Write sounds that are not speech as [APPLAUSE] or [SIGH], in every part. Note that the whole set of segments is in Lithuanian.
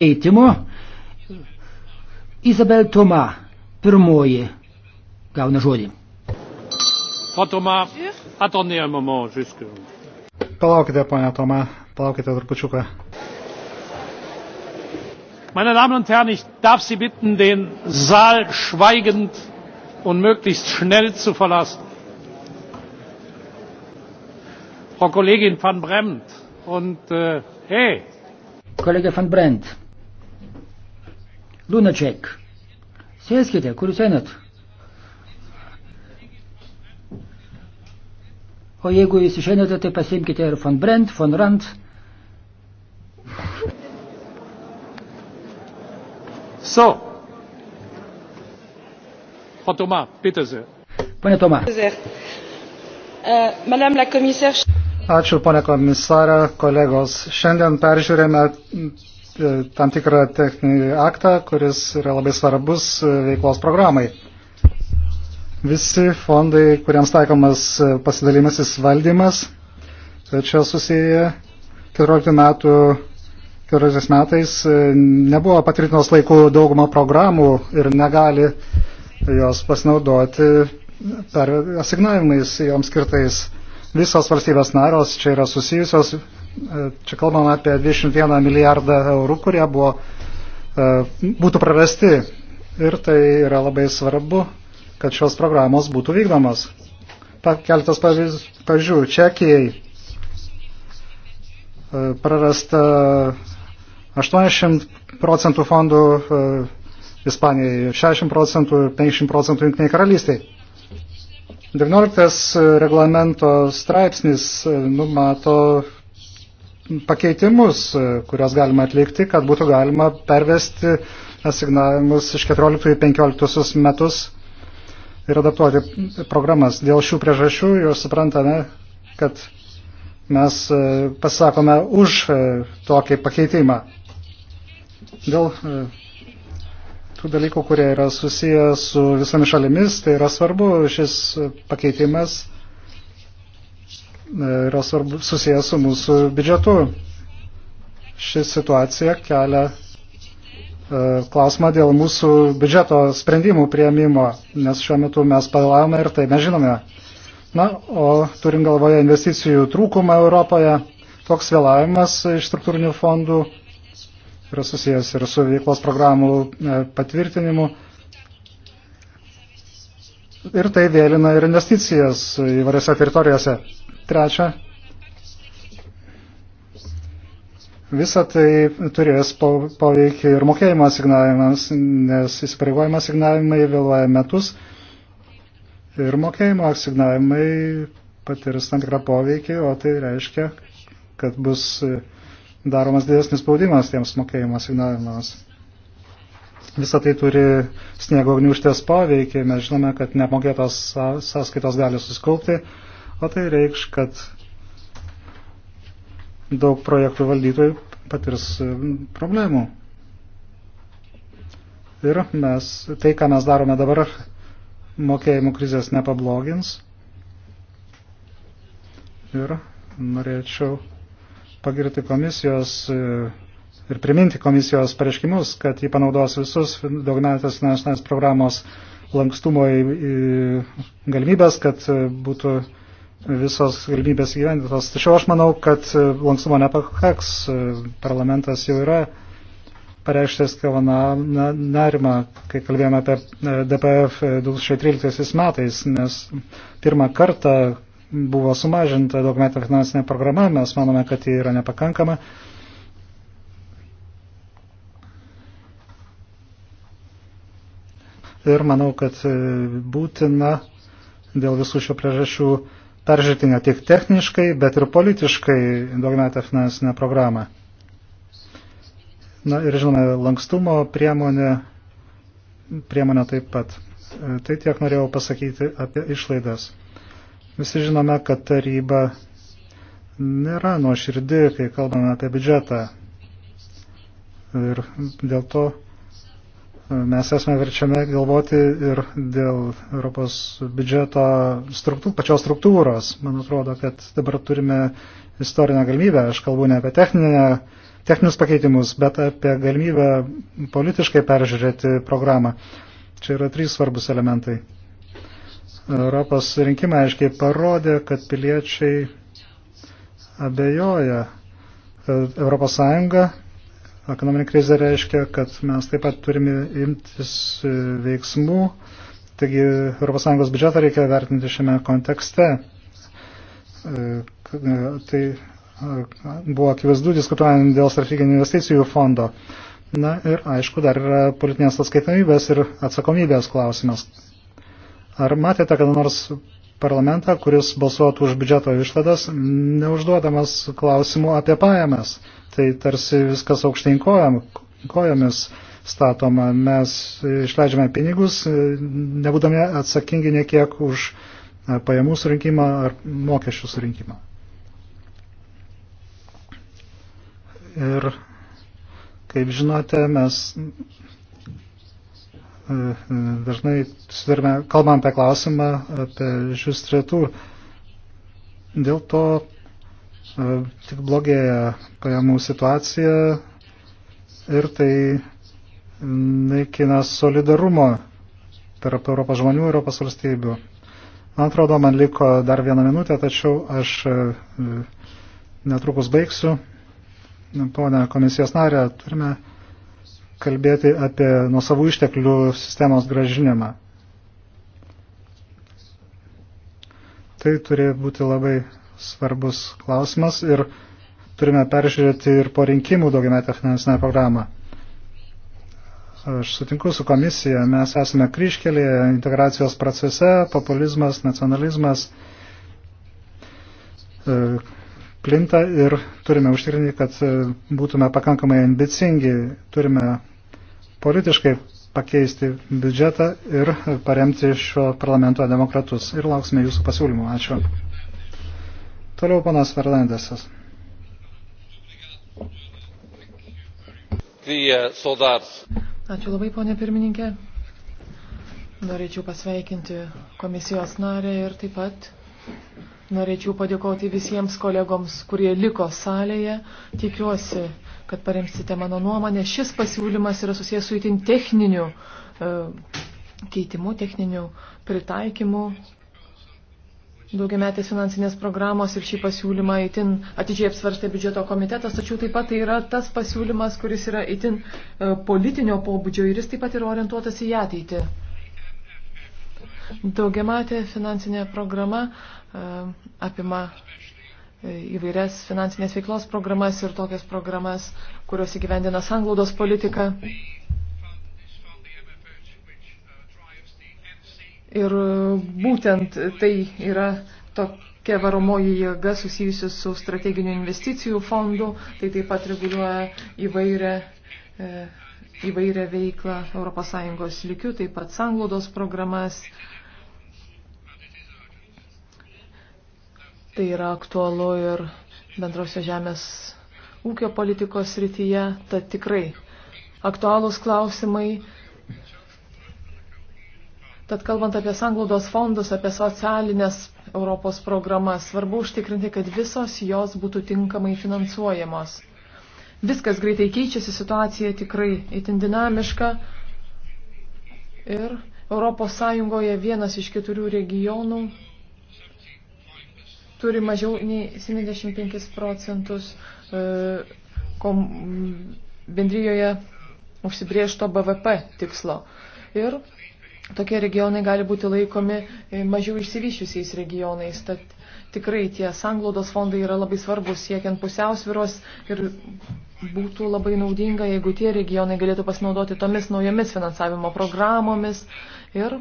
keitimo. Izabel Toma, pirmoji, gauna žodį. Palaukite, ponia Toma, palaukite trupučiuką. Meine Damen und Herren, ich darf Sie bitten, den Saal schweigend und möglichst schnell zu verlassen. Frau Kollegin van Bremt und äh, hey. Kollege van Bremt. Lunaček, sėskite, kur jūs einat? O jeigu jūs išeinate, tai pasimkite ir von Brent, von Rand. So. Frau Thomas, bitte sehr. Pane Toma. E, Ačiū, pane komisarė, kolegos. Šiandien peržiūrėme E, tam tikrą techninį aktą, kuris yra labai svarbus e, veiklos programai. Visi fondai, kuriems taikomas e, pasidalimasis valdymas, čia susiję 14 metų, 14 metais nebuvo patvirtinos laikų daugumą programų ir negali jos pasinaudoti per asignavimais joms skirtais. Visos valstybės naros čia yra susijusios, Čia kalbam apie 21 milijardą eurų, kurie buvo, e, būtų prarasti. Ir tai yra labai svarbu, kad šios programos būtų vykdomas. Keltas pavyzdžių. Čekijai e, prarasta 80 procentų fondų e, Ispanijai, 60 procentų ir 50 procentų Junktiniai karalystiai. 19 reglamento straipsnis numato pakeitimus, e, kurias galima atlikti, kad būtų galima pervesti asignavimus e, iš 14-15 metus ir adaptuoti programas. Dėl šių priežasčių jau suprantame, kad mes e, pasakome už tokį pakeitimą. Dėl tų dalykų, kurie yra susiję su visomis šalimis, tai yra svarbu šis pakeitimas yra svarbu, susijęs su mūsų biudžetu. Ši situacija kelia e, klausimą dėl mūsų biudžeto sprendimų prieimimo, nes šiuo metu mes pavėlavome ir tai mes žinome. Na, o turim galvoje investicijų trūkumą Europoje, toks vėlavimas iš struktūrinių fondų yra susijęs ir su veiklos programų e, patvirtinimu. Ir tai vėlina ir investicijas įvairiose teritorijose. Trečia, Visą tai turės poveikį ir mokėjimo asignavimams, nes įsipareigojimo asignavimai vėluoja metus ir mokėjimo asignavimai patirs tam tikrą poveikį, o tai reiškia, kad bus daromas didesnis spaudimas tiems mokėjimo asignavimams. Visą tai turi sniego gniuštės poveikį, mes žinome, kad nemokėtos sąskaitos gali susikaupti o tai reikš, kad daug projektų valdytojų patirs problemų. Ir mes, tai, ką mes darome dabar, mokėjimų krizės nepablogins. Ir norėčiau pagirti komisijos e, ir priminti komisijos pareiškimus, kad jį panaudos visus daugmetės finansinės programos lankstumo galimybės, kad e, būtų visos galimybės įgyvendintos. Tačiau aš manau, kad e, lankstumo nepakaks. E, parlamentas jau yra pareikštęs kavana nerimą, kai kalbėjome apie e, DPF 2013 metais, nes pirmą kartą buvo sumažinta daugmetė finansinė programa, mes manome, kad ji yra nepakankama. Ir manau, kad būtina dėl visų šio priežasčių peržiūrėti ne tik techniškai, bet ir politiškai daugiametę finansinę programą. Na ir žinome, lankstumo priemonė, priemonė taip pat. E, tai tiek norėjau pasakyti apie išlaidas. Visi žinome, kad taryba nėra nuoširdi, kai kalbame apie biudžetą. Ir dėl to mes esame verčiami galvoti ir dėl Europos biudžeto struktūr, pačios struktūros. Man atrodo, kad dabar turime istorinę galimybę, aš kalbu ne apie techninę, techninius pakeitimus, bet apie galimybę politiškai peržiūrėti programą. Čia yra trys svarbus elementai. Europos rinkimai aiškiai parodė, kad piliečiai abejoja Europos Sąjunga Ekonominė krizė reiškia, kad mes taip pat turime imtis e, veiksmų, taigi ES biudžetą reikia vertinti šiame kontekste. E, e, tai buvo akivaizdu diskutuojant dėl strateginių investicijų fondo. Na ir aišku, dar yra politinės atskaitomybės ir atsakomybės klausimas. Ar matėte kada nors parlamentą, kuris balsuotų už biudžeto išladas, neužduodamas klausimų apie pajamas? tai tarsi viskas aukštyn kojam, kojomis statoma. Mes išleidžiame pinigus, nebūdami atsakingi niekiek už e, pajamų surinkimą ar mokesčių surinkimą. Ir kaip žinote, mes e, e, dažnai kalbam apie klausimą apie žiūstrėtų. Dėl to E, tik blogėja pajamų situacija ir tai naikina solidarumo tarp Europos žmonių ir Europos valstybių. Man atrodo, man liko dar vieną minutę, tačiau aš e, netrukus baigsiu. Pone komisijos narė, turime kalbėti apie nuosavų išteklių sistemos gražinimą. Tai turi būti labai svarbus klausimas ir turime peržiūrėti ir po rinkimų daugiametę finansinę programą. Aš sutinku su komisija, mes esame kryškelėje integracijos procese, populizmas, nacionalizmas e, plinta ir turime užtikrinti, kad e, būtume pakankamai ambicingi, turime politiškai pakeisti biudžetą ir paremti šio parlamento demokratus. Ir lauksime jūsų pasiūlymų. Ačiū. Toliau panas Fernandesas. Uh, Ačiū labai, ponė pirmininkė. Norėčiau pasveikinti komisijos narę ir taip pat Norėčiau padėkoti visiems kolegoms, kurie liko salėje. Tikiuosi, kad paremsite mano nuomonę. Šis pasiūlymas yra susijęs su įtin techniniu e, keitimu, techniniu pritaikymu daugiametės finansinės programos ir šį pasiūlymą itin atidžiai apsvarstė biudžeto komitetas, tačiau taip pat tai yra tas pasiūlymas, kuris yra itin e, politinio pobūdžio ir jis taip pat yra orientuotas į ateitį. Daugiamatė finansinė programa e, apima e, įvairias finansinės veiklos programas ir tokias programas, kurios įgyvendina sanglaudos politiką. Ir e, būtent tai yra tokia varomoji jėga susijusi su strateginių investicijų fondu, tai taip pat reguliuoja įvairią, e, įvairią veiklą ES lygių, taip pat sanglaudos programas. Tai yra aktualu ir bendrosios žemės ūkio politikos rytyje, tad tikrai aktualūs klausimai Tad kalbant apie sanglaudos fondus, apie socialinės Europos programas, svarbu užtikrinti, kad visos jos būtų tinkamai finansuojamos. Viskas greitai keičiasi, situacija tikrai itin dinamiška ir ES vienas iš keturių regionų turi mažiau nei 75 procentus e, bendryjoje užsibriežto BVP tikslo. Ir tokie regionai gali būti laikomi e, mažiau išsivyščiusiais regionais. Tad tikrai tie sanglaudos fondai yra labai svarbus siekiant pusiausviros ir būtų labai naudinga, jeigu tie regionai galėtų pasinaudoti tomis naujomis finansavimo programomis ir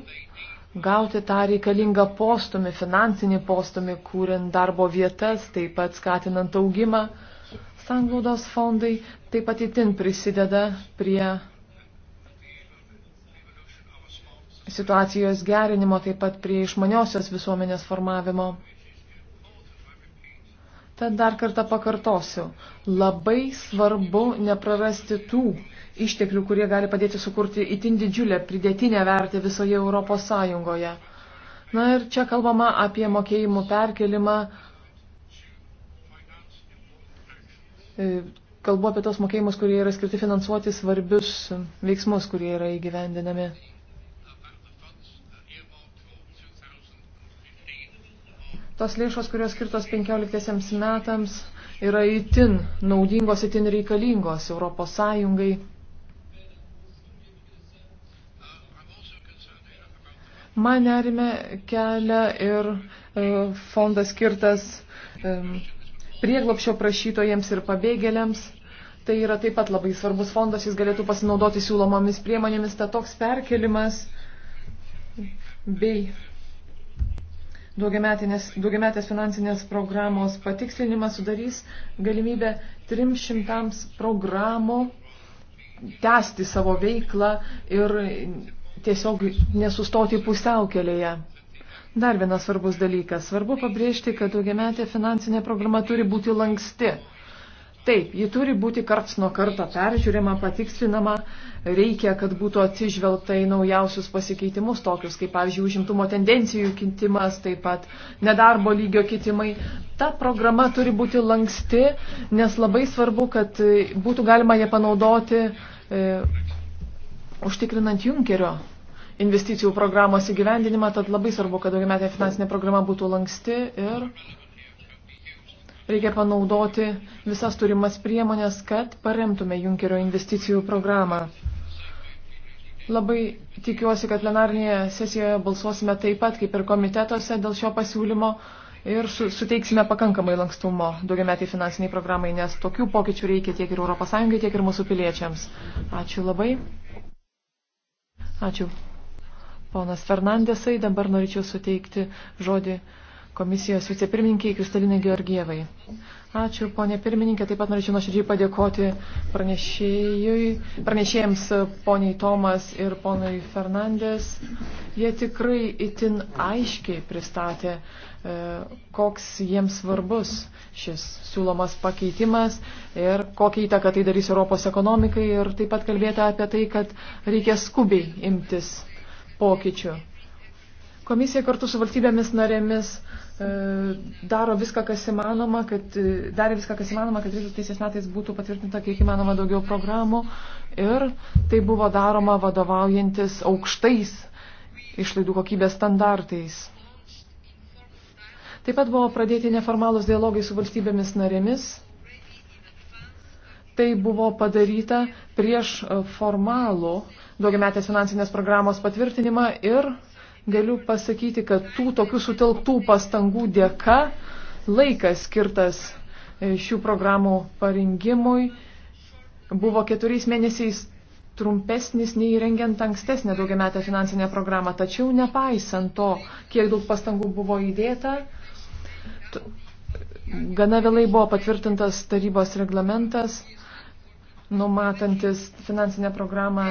gauti tą reikalingą postumį, finansinį postumį, kūrint darbo vietas, taip pat skatinant augimą. Sanglaudos fondai taip pat įtin prisideda prie situacijos gerinimo, taip pat prie išmaniosios visuomenės formavimo. Tad dar kartą pakartosiu, labai svarbu neprarasti tų išteklių, kurie gali padėti sukurti itin didžiulę pridėtinę vertę visoje Europos Sąjungoje. Na ir čia kalbama apie mokėjimų perkelimą. E, kalbu apie tos mokėjimus, kurie yra skirti finansuoti svarbius veiksmus, kurie yra įgyvendinami. tos lėšos, kurios skirtos 15 metams, yra itin naudingos, itin reikalingos Europos Sąjungai. Man nerime kelia ir e, fondas skirtas e, prieglopšio prašytojams ir pabėgėliams. Tai yra taip pat labai svarbus fondas, jis galėtų pasinaudoti siūlomomis priemonėmis, ta toks perkelimas bei daugiametės finansinės programos patikslinimas sudarys galimybę 300 programų tęsti savo veiklą ir tiesiog nesustoti pusiaukelėje. Dar vienas svarbus dalykas. Svarbu pabrėžti, kad daugiametė finansinė programa turi būti lanksti. Taip, ji turi būti karts nuo karto peržiūrima, patikslinama, reikia, kad būtų atsižvelgta į naujausius pasikeitimus, tokius kaip, pavyzdžiui, užimtumo tendencijų kintimas, taip pat nedarbo lygio kitimai. Ta programa turi būti lanksti, nes labai svarbu, kad e, būtų galima ją panaudoti e, užtikrinant Junkerio investicijų programos įgyvendinimą, tad labai svarbu, kad daugiametė finansinė programa būtų lanksti ir Reikia panaudoti visas turimas priemonės, kad paremtume Junkerio investicijų programą. Labai tikiuosi, kad plenarnėje sesijoje balsuosime taip pat kaip ir komitetuose dėl šio pasiūlymo ir su, suteiksime pakankamai lankstumo daugiametį finansiniai programai, nes tokių pokyčių reikia tiek ir ES, tiek ir mūsų piliečiams. Ačiū labai. Ačiū. Ponas Fernandesai, dabar norėčiau suteikti žodį komisijos vicepirmininkiai Kristalinai Georgievai. Ačiū, ponė pirmininkė. Taip pat norėčiau nuoširdžiai padėkoti pranešėjams poniai Tomas ir ponui Fernandės. Jie tikrai itin aiškiai pristatė, e, koks jiems svarbus šis siūlomas pakeitimas ir kokią įtaką tai darys Europos ekonomikai ir taip pat kalbėta apie tai, kad reikia skubiai imtis pokyčių. Komisija kartu su valstybėmis narėmis e, daro viską, kas įmanoma, kad, e, darė viską, kas įmanoma, kad 13 metais būtų patvirtinta kiek įmanoma daugiau programų ir tai buvo daroma vadovaujantis aukštais išlaidų kokybės standartais. Taip pat buvo pradėti neformalus dialogai su valstybėmis narėmis. Tai buvo padaryta prieš e, formalų daugiametės finansinės programos patvirtinimą ir galiu pasakyti, kad tų tokių sutelktų pastangų dėka laikas skirtas e, šių programų parengimui buvo keturiais mėnesiais trumpesnis nei rengiant ankstesnę daugiametę finansinę programą. Tačiau nepaisant to, kiek daug pastangų buvo įdėta, gana vėlai buvo patvirtintas tarybos reglamentas, numatantis finansinę programą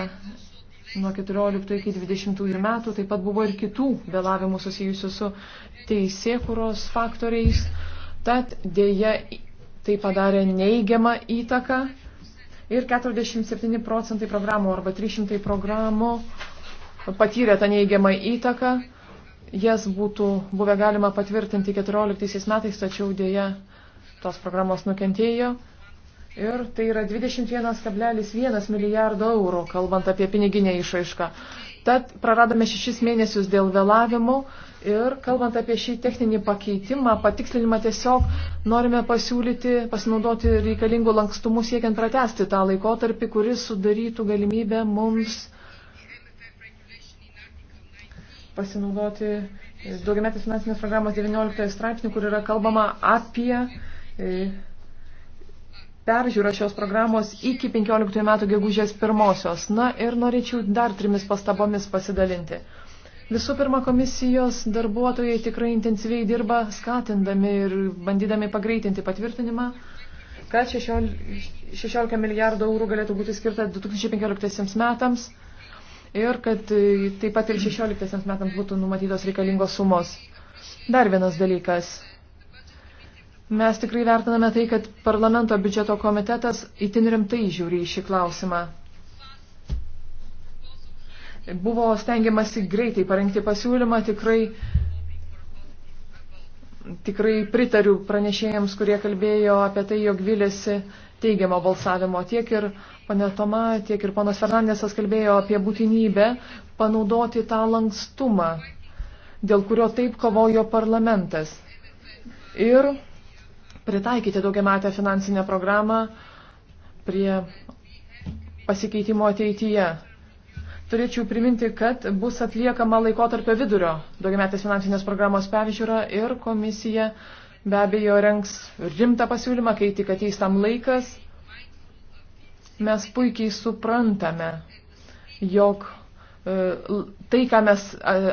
nuo 14 iki 20 metų. Taip pat buvo ir kitų vėlavimų susijusių su teisėkuros faktoriais. Tad dėja tai padarė neigiamą įtaką ir 47 procentai programų arba 300 programų patyrė tą neigiamą įtaką. Jas būtų buvę galima patvirtinti 14 metais, tačiau dėja tos programos nukentėjo. Ir tai yra 21,1 milijardo eurų, kalbant apie piniginę išraišką. Tad praradome šešis mėnesius dėl vėlavimų ir kalbant apie šį techninį pakeitimą, patikslinimą tiesiog norime pasiūlyti, pasinaudoti reikalingų lankstumų siekiant pratesti tą laikotarpį, kuris sudarytų galimybę mums pasinaudoti daugiametės finansinės programos 19 straipsnių, kur yra kalbama apie e, peržiūrą šios programos iki 15 metų gegužės pirmosios. Na ir norėčiau dar trimis pastabomis pasidalinti. Visų pirma, komisijos darbuotojai tikrai intensyviai dirba, skatindami ir bandydami pagreitinti patvirtinimą, kad 16 milijardų eurų galėtų būti skirta 2015 metams ir kad e, taip pat ir 16 metams būtų numatytos reikalingos sumos. Dar vienas dalykas Mes tikrai vertiname tai, kad parlamento biudžeto komitetas itin rimtai žiūri į šį klausimą. Buvo stengiamasi greitai parengti pasiūlymą, tikrai, tikrai pritariu pranešėjams, kurie kalbėjo apie tai, jog vilėsi teigiamo balsavimo. Tiek ir pane Toma, tiek ir panas Fernandesas kalbėjo apie būtinybę panaudoti tą lankstumą, dėl kurio taip kovojo parlamentas. Ir pritaikyti daugiamatę finansinę programą prie pasikeitimo ateityje. Turėčiau priminti, kad bus atliekama laikotarpio vidurio daugiametės finansinės programos peržiūra ir komisija be abejo renks rimtą pasiūlymą, kai tik ateis tam laikas. Mes puikiai suprantame, jog E, tai, ką mes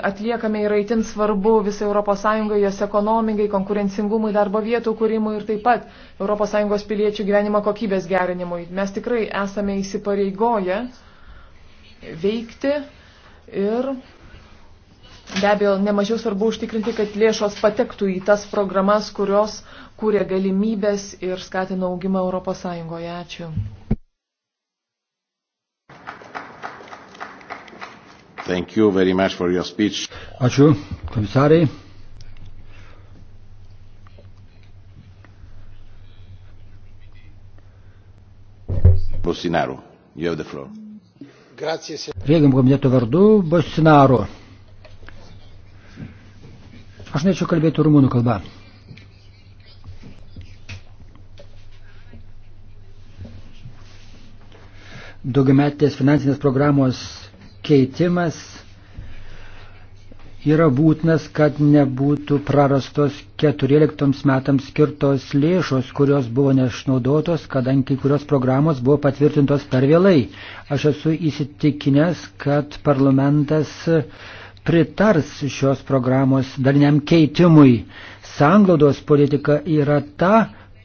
atliekame, yra itin svarbu visai ES, jos ekonomikai, konkurencingumui, darbo vietų kūrimui ir taip pat ES piliečių gyvenimo kokybės gerinimui. Mes tikrai esame įsipareigoję veikti ir Be abejo, nemažiau svarbu užtikrinti, kad lėšos patektų į tas programas, kurios kūrė galimybės ir skatino augimą Europos Sąjungoje. Ačiū. Thank you very much for your speech. Ačiū, komisarai. Bosinaru, you have the floor. Rėgim komiteto vardu Bosinaru. Aš norėčiau kalbėti rumūnų kalbą. Daugiametės finansinės programos keitimas yra būtinas, kad nebūtų prarastos 14 metams skirtos lėšos, kurios buvo neišnaudotos, kadangi kurios programos buvo patvirtintos per vėlai. Aš esu įsitikinęs, kad parlamentas pritars šios programos darniam keitimui. Sanglaudos politika yra ta,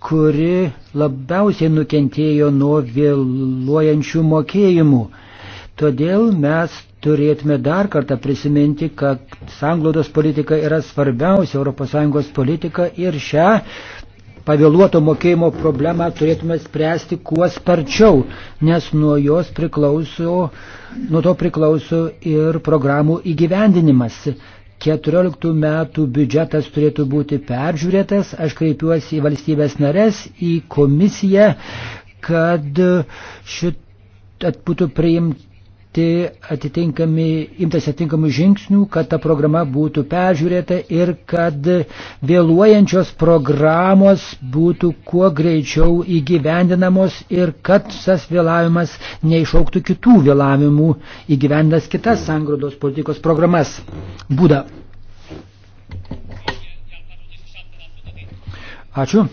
kuri labiausiai nukentėjo nuo vėluojančių mokėjimų. Todėl mes turėtume dar kartą prisiminti, kad sanglaudos politika yra svarbiausia ES politika ir šią pavėluoto mokėjimo problemą turėtume spręsti kuo sparčiau, nes nuo jos priklauso, nuo to priklauso ir programų įgyvendinimas. 14 metų biudžetas turėtų būti peržiūrėtas, aš kreipiuosi į valstybės nares, į komisiją, kad šit būtų priimti imti atitinkami, imtas atitinkamų žingsnių, kad ta programa būtų peržiūrėta ir kad vėluojančios programos būtų kuo greičiau įgyvendinamos ir kad tas vėlavimas neišauktų kitų vėlavimų įgyvendinas kitas sangrūdos politikos programas. Būda. Ačiū.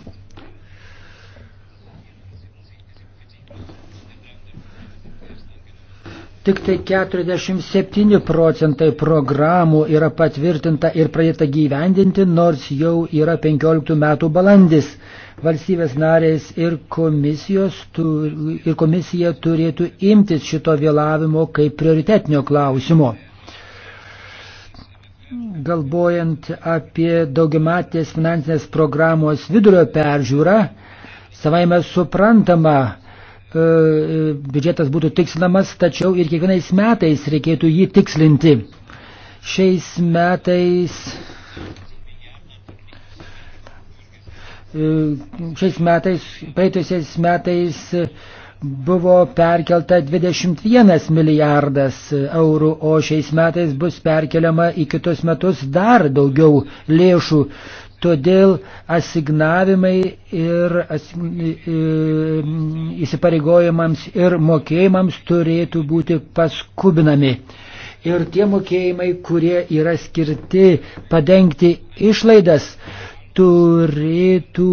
Tik tai 47 procentai programų yra patvirtinta ir pradėta gyvendinti, nors jau yra 15 metų balandis. Valstybės narės ir, turi, ir komisija turėtų imtis šito vėlavimo kaip prioritetinio klausimo. Galvojant apie daugiamatės finansinės programos vidurio peržiūrą, savaime suprantama, E, biudžetas būtų tikslinamas, tačiau ir kiekvienais metais reikėtų jį tikslinti. Šiais metais e, šiais metais, praeitusiais metais buvo perkelta 21 milijardas eurų, o šiais metais bus perkeliama į kitus metus dar daugiau lėšų. Todėl asignavimai ir įsipareigojimams ir mokėjimams turėtų būti paskubinami. Ir tie mokėjimai, kurie yra skirti padengti išlaidas, turėtų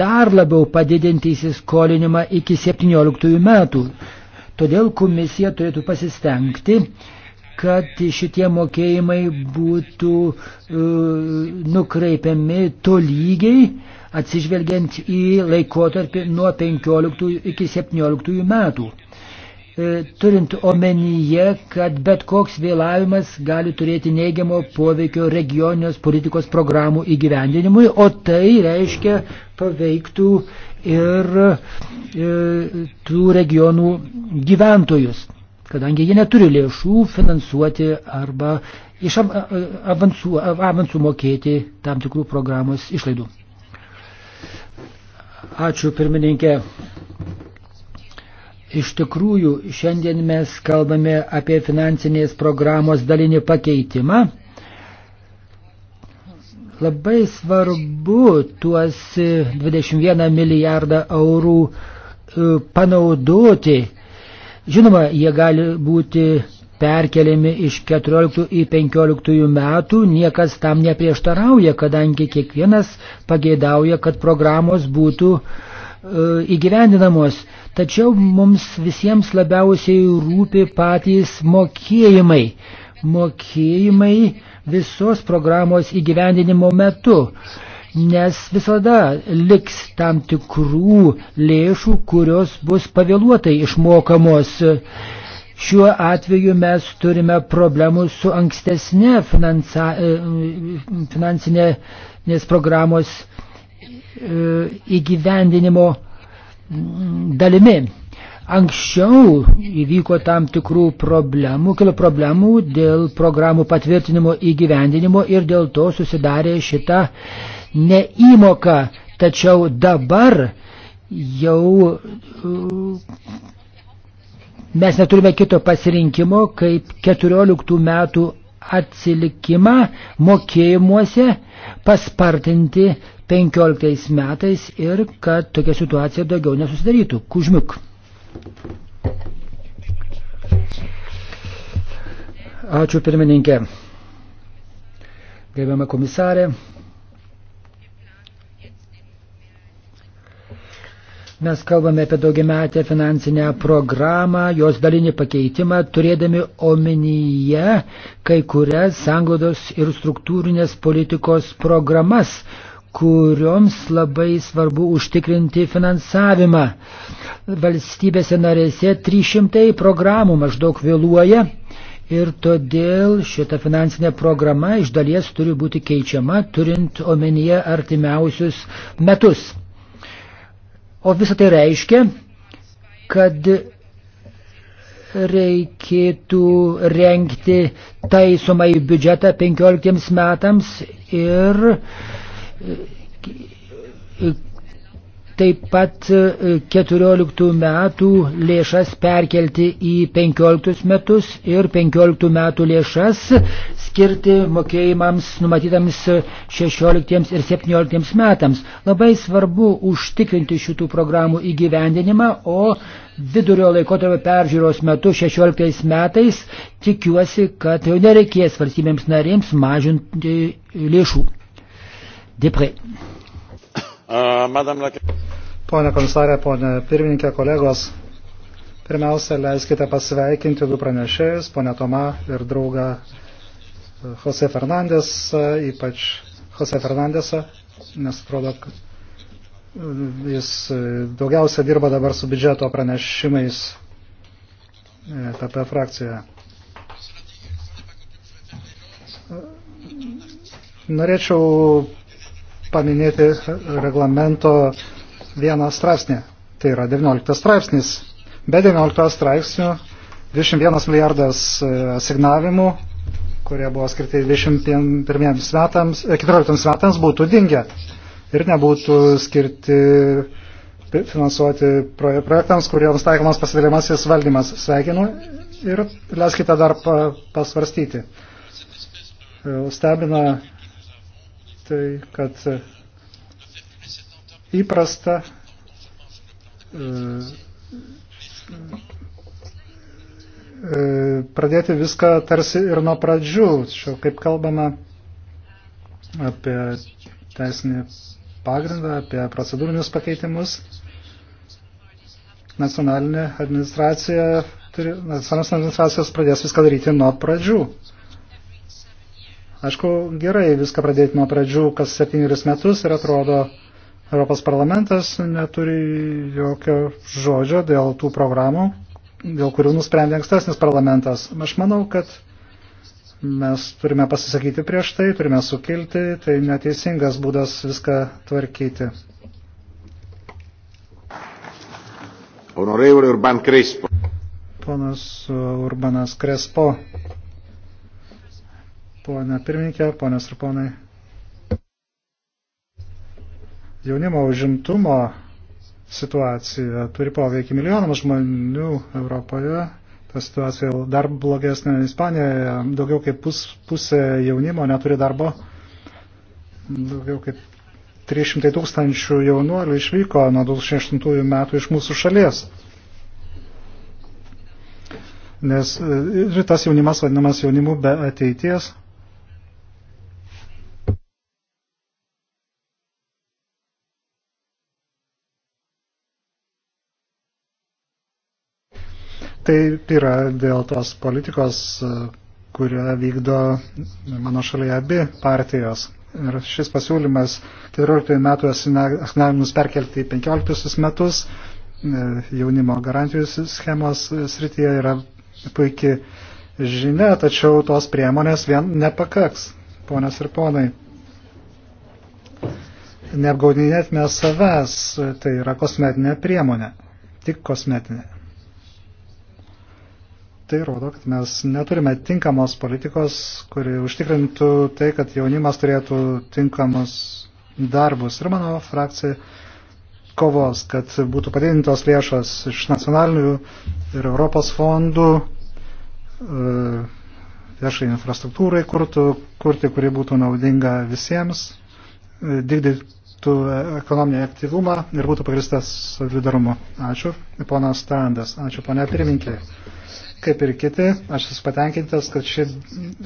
dar labiau padidinti įsiskolinimą iki 17 metų. Todėl komisija turėtų pasistengti, kad šitie mokėjimai būtų e, nukreipiami tolygiai, atsižvelgiant į laikotarpį nuo 15 iki 17 metų. E, turint omenyje, kad bet koks vėlavimas gali turėti neigiamo poveikio regioninės politikos programų įgyvendinimui, o tai reiškia paveiktų ir, ir e, tų regionų gyventojus, kadangi jie neturi lėšų finansuoti arba iš avansų, avansų mokėti tam tikrų programos išlaidų. Ačiū pirmininkė. Iš tikrųjų, šiandien mes kalbame apie finansinės programos dalinį pakeitimą. Labai svarbu tuos 21 milijardą eurų e, panaudoti. Žinoma, jie gali būti perkeliami iš 14 į 15 metų, niekas tam neprieštarauja, kadangi kiekvienas pageidauja, kad programos būtų e, įgyvendinamos. E, Tačiau mums visiems labiausiai rūpi patys mokėjimai. Mokėjimai visos programos įgyvendinimo metu. Nes visada liks tam tikrų lėšų, kurios bus pavėluotai išmokamos. Šiuo atveju mes turime problemų su ankstesnė finansa, finansinės programos e, įgyvendinimo dalimi. Anksčiau įvyko tam tikrų problemų, kilo problemų dėl programų patvirtinimo įgyvendinimo ir dėl to susidarė šita neįmoka. Tačiau dabar jau uh, mes neturime kito pasirinkimo, kaip 14 metų atsilikimą mokėjimuose paspartinti 15 metais ir kad tokia situacija daugiau nesusidarytų. Kužmiuk. Ačiū pirmininkė. Gerbiama komisarė. Mes kalbame apie daugiametę finansinę programą, jos dalinį pakeitimą, turėdami omenyje kai kurias sanglaudos ir struktūrinės politikos programas, kurioms labai svarbu užtikrinti finansavimą. Valstybėse narėse 300 programų maždaug vėluoja ir todėl šita finansinė programa iš dalies turi būti keičiama, turint omenyje artimiausius metus. O visą tai reiškia, kad reikėtų renkti taisomai biudžetą 15 metams ir taip pat 14 e, metų lėšas perkelti į 15 metus ir 15 metų lėšas skirti mokėjimams numatytams 16 ir 17 metams. Labai svarbu užtikrinti šitų programų įgyvendinimą, o vidurio laikotarpio peržiūros metu 16 metais tikiuosi, kad jau nereikės valstybėms narėms mažinti lėšų. Dipri. [COUGHS] Uh, pone komisarė, pone pirmininkė, kolegos, pirmiausia, leiskite pasveikinti du pranešėjus, pone Toma ir draugą uh, Jose Fernandes, uh, ypač Jose Fernandesą, nes atrodo, kad jis daugiausia dirba dabar su biudžeto pranešimais TP frakcijoje. Norėčiau paminėti reglamento vieną straipsnį. Tai yra 19 straipsnis. Be 19 straipsnių 21 milijardas e, asignavimų, kurie buvo skirti 21 metams, 14 e, metams, būtų dingę ir nebūtų skirti finansuoti projektams, kuriems taikomas pasidalimasis valdymas. Sveikinu ir leiskite dar pasvarstyti. E, stebina tai, kad įprasta e, e, pradėti viską tarsi ir nuo pradžių, tačiau kaip kalbama apie teisinį pagrindą, apie procedūrinius pakeitimus, nacionalinė administracija, nacionalinės administracijos pradės viską daryti nuo pradžių. Aišku, gerai viską pradėti nuo pradžių kas septynerius metus ir atrodo, Europos parlamentas neturi jokio žodžio dėl tų programų, dėl kurių nusprendė ankstesnis parlamentas. Aš manau, kad mes turime pasisakyti prieš tai, turime sukilti, tai neteisingas būdas viską tvarkyti. Honorevole Urban Crespo. Ponas Urbanas Crespo. Pone pirmininkė, ponės ir ponai. Jaunimo užimtumo situacija turi poveikį milijonams žmonių Europoje. Ta situacija dar blogesnė Ispanijoje. Daugiau kaip pus, pusė jaunimo neturi darbo. Daugiau kaip 300 tūkstančių jaunuolių išvyko nuo 2008 metų iš mūsų šalies. Nes e, ir tas jaunimas vadinamas jaunimu be ateities. Taip tai yra dėl tos politikos, kurią vykdo mano šalyje abi partijos. Ir šis pasiūlymas 14 metų asignavimus perkelti į 15 metus e, jaunimo garantijų schemos srityje yra puikiai žinia, tačiau tos priemonės vien nepakaks, ponios ir ponai. Neapgaudinėtume savęs, tai yra kosmetinė priemonė, tik kosmetinė tai rodo, kad mes neturime tinkamos politikos, kuri užtikrintų tai, kad jaunimas turėtų tinkamus darbus. Ir mano frakcija kovos, kad būtų padidintos lėšos iš nacionalinių ir Europos fondų e, viešai infrastruktūrai kurtų, kurti, kuri būtų naudinga visiems, e, didintų ekonominį aktyvumą ir būtų pagristas solidarumu. Ačiū, ponas Standas. Ačiū, ponia pirminkė kaip ir kiti, aš esu patenkintas, kad ši,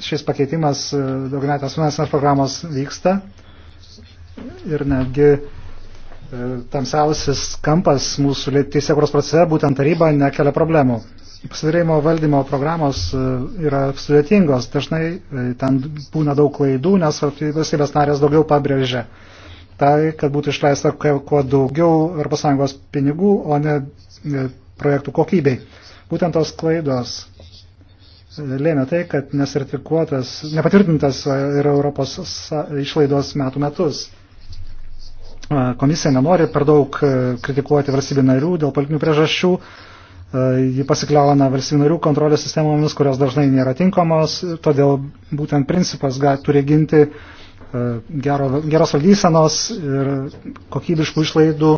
šis pakeitimas e, daugiametės finansinės programos vyksta ir netgi e, tamsiausias kampas mūsų teisėkuros procese, būtent taryba, nekelia problemų. Pasidarėjimo valdymo programos e, yra sudėtingos, dažnai e, ten būna daug klaidų, nes valstybės narės daugiau pabrėžia tai, kad būtų išleista kuo daugiau ES pinigų, o ne e, projektų kokybei. Būtent tos klaidos e, lėmė tai, kad nesertifikuotas, nepatvirtintas e, yra Europos išlaidos metų metus. E, komisija nenori per daug kritikuoti valstybių narių dėl politinių priežasčių. Ji pasikliauna valstybių narių kontrolės sistemomis, kurios dažnai nėra tinkamos, todėl būtent principas turi ginti gero, geros valdysenos ir kokybiškų išlaidų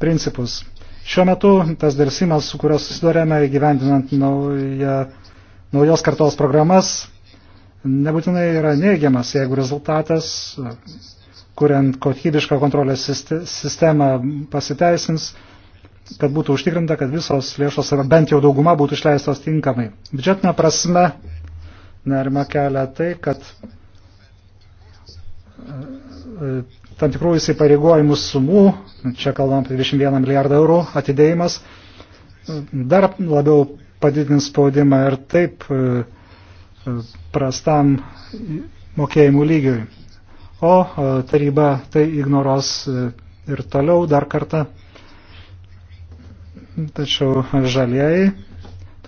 principus. Šiuo metu tas dėlsimas, su kuriuo susidurėme įgyvendinant nauja, naujos kartos programas, nebūtinai yra neigiamas, jeigu rezultatas, kuriant kokybišką kontrolės sistemą, pasiteisins, kad būtų užtikrinta, kad visos lėšos, arba bent jau dauguma, būtų išleistos tinkamai. Biudžetinė prasme nerima kelia tai, kad tam tikrų įsipareigojimų sumų, čia kalbam apie 21 milijardą eurų atidėjimas, dar labiau padidins spaudimą ir taip e, e, prastam mokėjimų lygiui. O e, taryba tai ignoros ir toliau dar kartą. Tačiau žalieji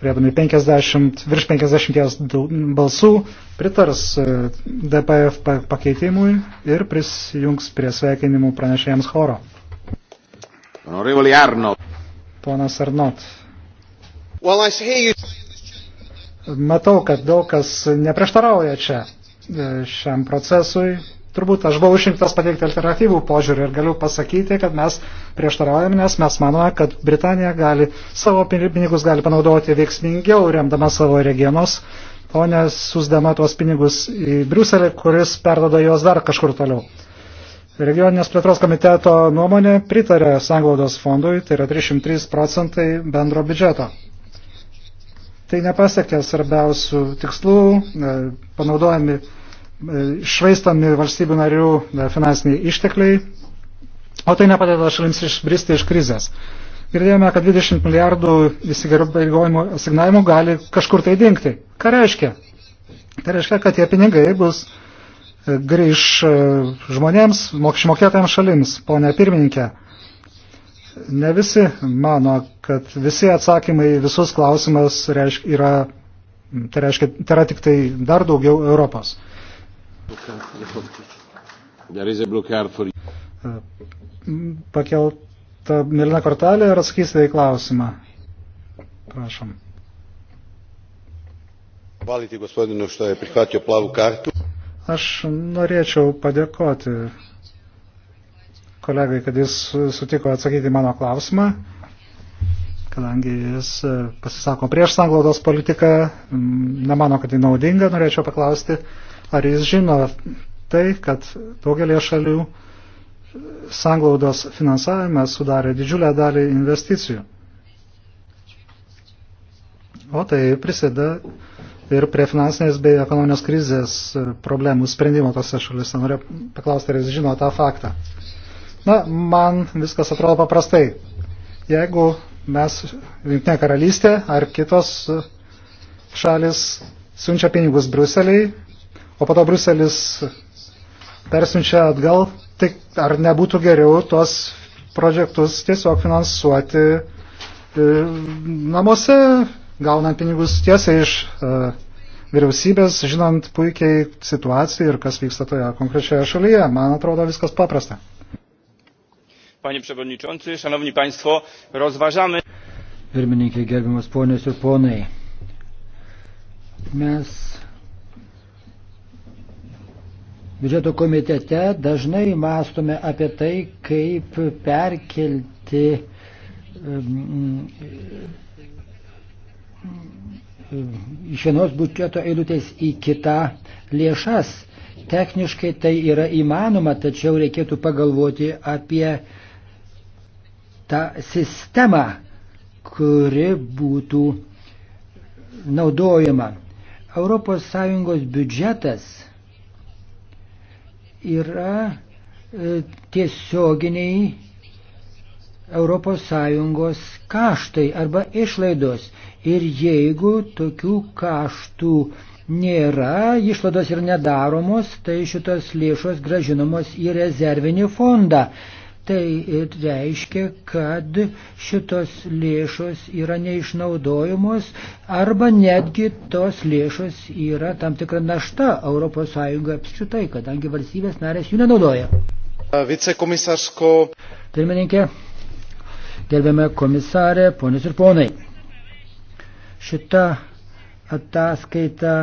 turėdami 50, virš 50 balsų, pritars e, DPF pakeitimui ir prisijungs prie sveikinimų pranešėjams choro. Honorevoli Arno. Ponas Arnot. Well, Matau, kad daug kas neprieštarauja čia e, šiam procesui Turbūt aš buvau išrinktas pateikti alternatyvų požiūrį ir galiu pasakyti, kad mes prieštaraujame, nes mes manome, kad Britanija gali savo pinigus gali panaudoti veiksmingiau, remdama savo regionus, o ne susdama tuos pinigus į Briuselį, kuris perdoda juos dar kažkur toliau. Regioninės plėtros komiteto nuomonė pritarė sanglaudos fondui, tai yra 303 procentai bendro biudžeto. Tai nepasiekė svarbiausių tikslų, e, panaudojami švaistami valstybių narių e, finansiniai ištekliai, o tai nepadeda šalims išbristi iš krizės. Girdėjome, kad 20 milijardų įsigarbaigojimų asignavimų gali kažkur tai dinkti. Ką reiškia? Tai reiškia, kad tie pinigai bus e, grįž e, žmonėms, mokesčių mokėtojams šalims, ponia pirmininkė. Ne visi mano, kad visi atsakymai visus klausimas reiškia, yra, tai reiškia, tai yra tik tai dar daugiau Europos. Pakelta Milina kortelė ir atsakysite į klausimą. Prašom. Valyti gospodinu, što je prihvatio plavu kartu. Aš norėčiau padėkoti kolegai, kad jis sutiko atsakyti mano klausimą, kadangi jis e, pasisako prieš sanglaudos politiką, mm, nemano, kad ji tai naudinga, norėčiau paklausti, Ar jis žino tai, kad daugelie šalių sanglaudos finansavimas sudarė didžiulę dalį investicijų? O tai prisideda ir prie finansinės bei ekonominės krizės problemų sprendimo tose šalise. Noriu paklausti, ar jis žino tą faktą. Na, man viskas atrodo paprastai. Jeigu mes, Junktinė karalystė ar kitos šalis, siunčia pinigus Bruseliai, o po to Bruselis persiunčia atgal, tai ar nebūtų geriau tuos projektus tiesiog finansuoti e, namuose, gaunant pinigus tiesiai iš e, vyriausybės, žinant puikiai situaciją ir kas vyksta toje konkrečioje šalyje. Man atrodo viskas paprasta. Panie Przewodniczący, Szanowni Państwo, rozważamy. Pirmininkai, gerbiamas ponės ir ponai, mes biudžeto komitete dažnai mąstome apie tai, kaip perkelti iš vienos biudžeto eilutės į kitą lėšas. Techniškai tai yra įmanoma, tačiau reikėtų pagalvoti apie tą sistemą, kuri būtų naudojama. ES biudžetas yra e, tiesioginiai ES kaštai arba išlaidos. Ir jeigu tokių kaštų nėra, išlaidos ir nedaromos, tai šitos lėšos gražinamos į rezervinį fondą. Tai ir reiškia, kad šitos lėšos yra neišnaudojamos arba netgi tos lėšos yra tam tikra našta ES apskritai, kadangi valstybės narės jų nenaudoja. Vicekomisarsko. Pirmininkė, gerbiame komisarė, ponius ir ponai. Šita ataskaita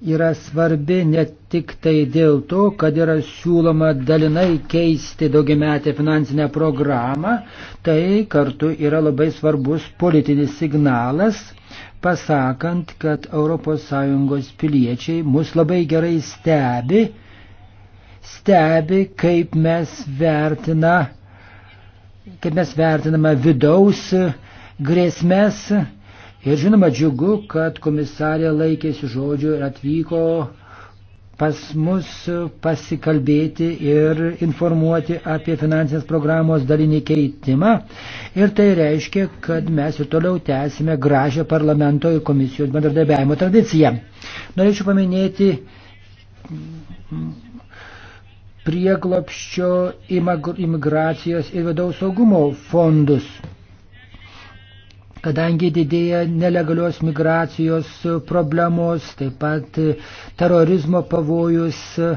yra svarbi ne tik tai dėl to, kad yra siūloma dalinai keisti daugiametę finansinę programą, tai kartu yra labai svarbus politinis signalas, pasakant, kad ES piliečiai mus labai gerai stebi, stebi, kaip mes vertina, kaip mes vertiname vidaus grėsmės Ir žinoma džiugu, kad komisarė laikėsi žodžio ir atvyko pas mus pasikalbėti ir informuoti apie finansinės programos dalinį keitimą. Ir tai reiškia, kad mes ir toliau tęsime gražią parlamento ir komisijos bendradarbiavimo tradiciją. Norėčiau paminėti prieglopščio imigracijos ir vidaus saugumo fondus kadangi didėja nelegalios migracijos problemos, taip pat terorizmo pavojus e,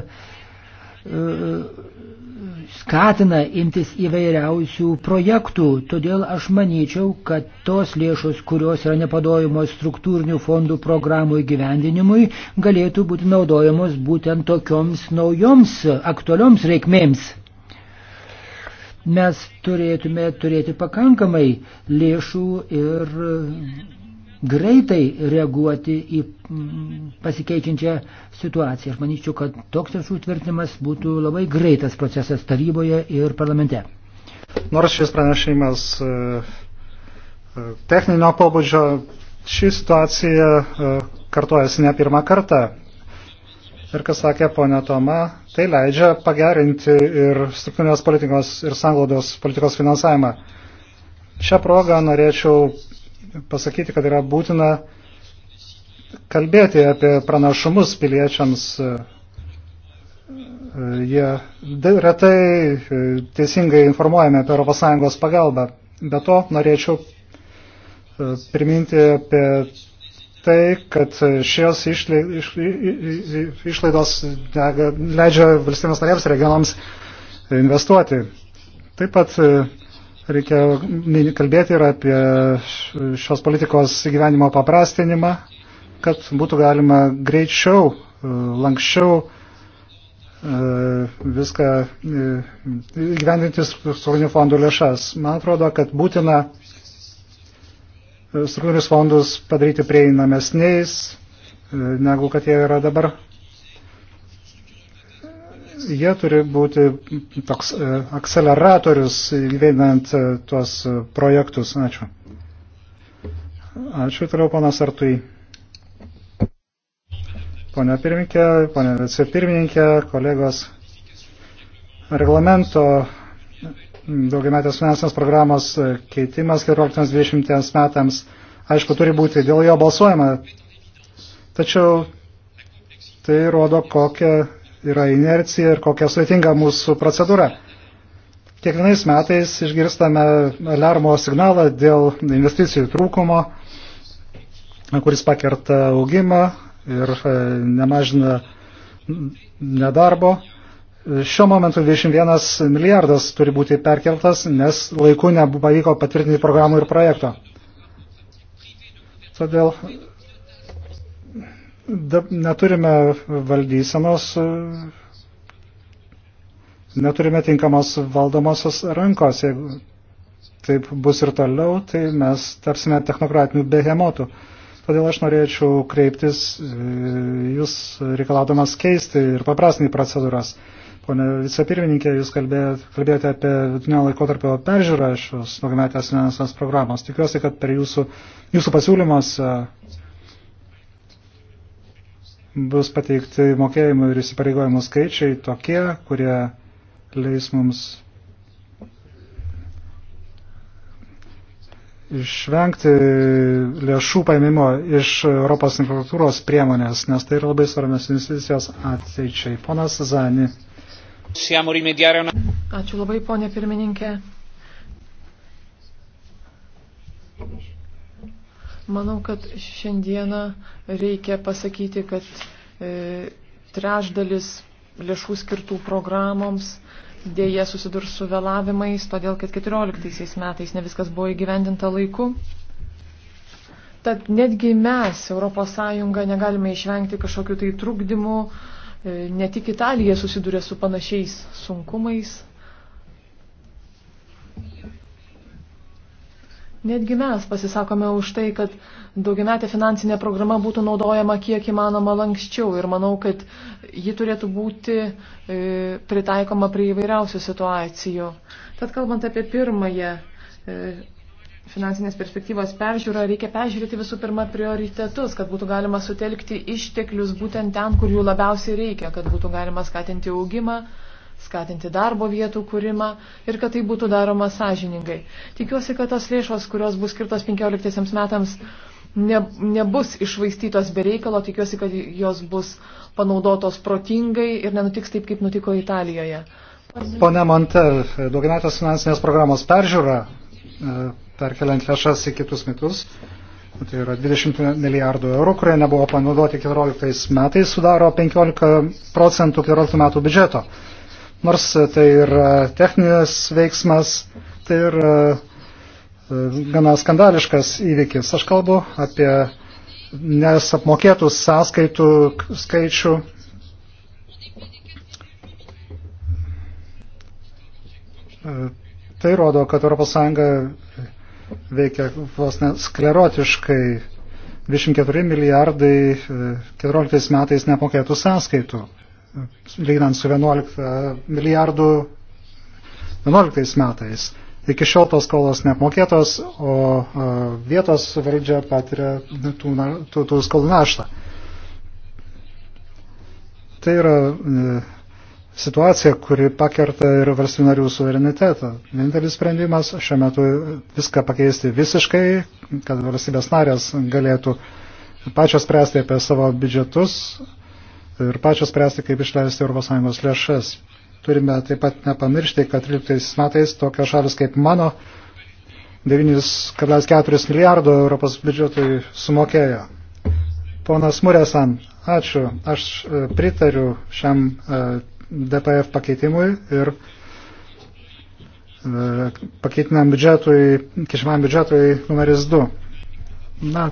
skatina imtis įvairiausių projektų. Todėl aš manyčiau, kad tos lėšos, kurios yra nepadojamos struktūrinių fondų programų įgyvendinimui, galėtų būti naudojamos būtent tokioms naujoms aktualioms reikmėms mes turėtume turėti pakankamai lėšų ir greitai reaguoti į mm, pasikeičiančią situaciją. Aš manyčiau, kad toks lėšų tvirtinimas būtų labai greitas procesas taryboje ir parlamente. Nors šis pranešimas e, e, techninio pobūdžio, ši situacija e, kartuojasi ne pirmą kartą. Ir kas sakė ponė Toma, tai leidžia pagerinti ir struktūrinės politikos ir sanglaudos politikos finansavimą. Šią progą norėčiau pasakyti, kad yra būtina kalbėti apie pranašumus piliečiams. Jie retai teisingai informuojame apie ES pagalbą. Be to norėčiau priminti apie tai, kad šios išlaidos leidžia valstybės narėms regionams investuoti. Taip pat e, reikia kalbėti ir apie šios politikos gyvenimo paprastinimą, kad būtų galima greičiau, e, lankščiau e, viską gyvendintis struktūrinių fondų lėšas. Man atrodo, kad būtina E, struktūrinius fondus padaryti prieinamesniais, e, negu kad jie yra dabar. Jie turi būti toks e, akceleratorius įveinant tuos projektus. Ačiū. Ačiū toliau, ponas Artui. Pone pirmininkė, pone vicepirmininkė, kolegos. Reglamento daugiametės finansinės programos e, keitimas 14-20 metams, aišku, turi būti dėl jo balsuojama. Tačiau tai rodo, kokia yra inercija ir kokia sudėtinga mūsų procedūra. Kiekvienais metais išgirstame alarmo signalą dėl investicijų trūkumo, kuris pakerta augimą ir e, nemažina nedarbo. Šiuo momentu 21 milijardas turi būti perkeltas, nes laiku nepavyko patvirtinti programų ir projekto. Todėl neturime valdysenos, neturime tinkamos valdomosios rankos. Jeigu taip bus ir toliau, tai mes tapsime technokratinių behemotų. Todėl aš norėčiau kreiptis e, jūs reikalaudamas keisti ir paprastinį procedūras. Pone vicepirmininkė, jūs kalbėjote apie vidutinio laikotarpio peržiūrą šios daugiametės finansinės programos. Tikiuosi, kad per jūsų, jūsų pasiūlymas e, bus pateikti mokėjimų ir įsipareigojimų skaičiai tokie, kurie leis mums išvengti lėšų paėmimo iš Europos infrastruktūros priemonės, nes tai yra labai svarbios investicijos ateičiai. Ponas Zani. Ačiū labai, ponė pirmininkė. Manau, kad šiandieną reikia pasakyti, kad e, trešdalis lėšų skirtų programoms dėja susidurs su vėlavimais, todėl kad 14 metais ne viskas buvo įgyvendinta laiku. Tad netgi mes, ES, negalime išvengti kažkokių tai trukdymų, e, E, ne tik Italija susiduria su panašiais sunkumais. Netgi mes pasisakome už tai, kad daugiametė finansinė programa būtų naudojama kiek įmanoma lankščiau ir manau, kad ji turėtų būti e, pritaikoma prie įvairiausių situacijų. Tad kalbant apie pirmąją e, finansinės perspektyvos peržiūrą, reikia peržiūrėti visų pirma prioritetus, kad būtų galima sutelkti išteklius būtent ten, kur jų labiausiai reikia, kad būtų galima skatinti augimą, skatinti darbo vietų kūrimą ir kad tai būtų daroma sąžiningai. Tikiuosi, kad tos lėšos, kurios bus skirtos 15 metams, ne, nebus išvaistytos be reikalo, tikiuosi, kad jos bus panaudotos protingai ir nenutiks taip, kaip nutiko Italijoje. Pone Monter, daugiametės finansinės programos peržiūra e, perkeliant lėšas į kitus metus. Tai yra 20 milijardų eurų, kurie nebuvo panaudoti 14 metais, sudaro 15 procentų 14 metų biudžeto. Nors tai yra e, techninis veiksmas, tai yra e, e, gana skandališkas įvykis. Aš kalbu apie nes apmokėtus sąskaitų skaičių. Tai rodo, kad ES veikia vos ne sklerotiškai. 24 milijardai 14 e, metais nepokėtų sąskaitų, lyginant su 11 milijardų 11 metais. Iki šiol tos skolos neapmokėtos, o e, vietos valdžia patiria tų, tų, tų skolų naštą. Tai yra e, situacija, kuri pakerta ir valstybių narių suverenitetą. Vienintelis sprendimas šiuo metu viską pakeisti visiškai, kad valstybės narės galėtų pačios spręsti apie savo biudžetus ir pačios spręsti, kaip išleisti ES lėšas. Turime taip pat nepamiršti, kad 13 metais tokios šalis kaip mano 9,4 milijardo Europos biudžetui sumokėjo. Ponas Muresan, ačiū. Aš e, pritariu šiam e, DPF pakeitimui ir e, pakeitiniam biudžetui, kišimam biudžetui numeris 2. Na,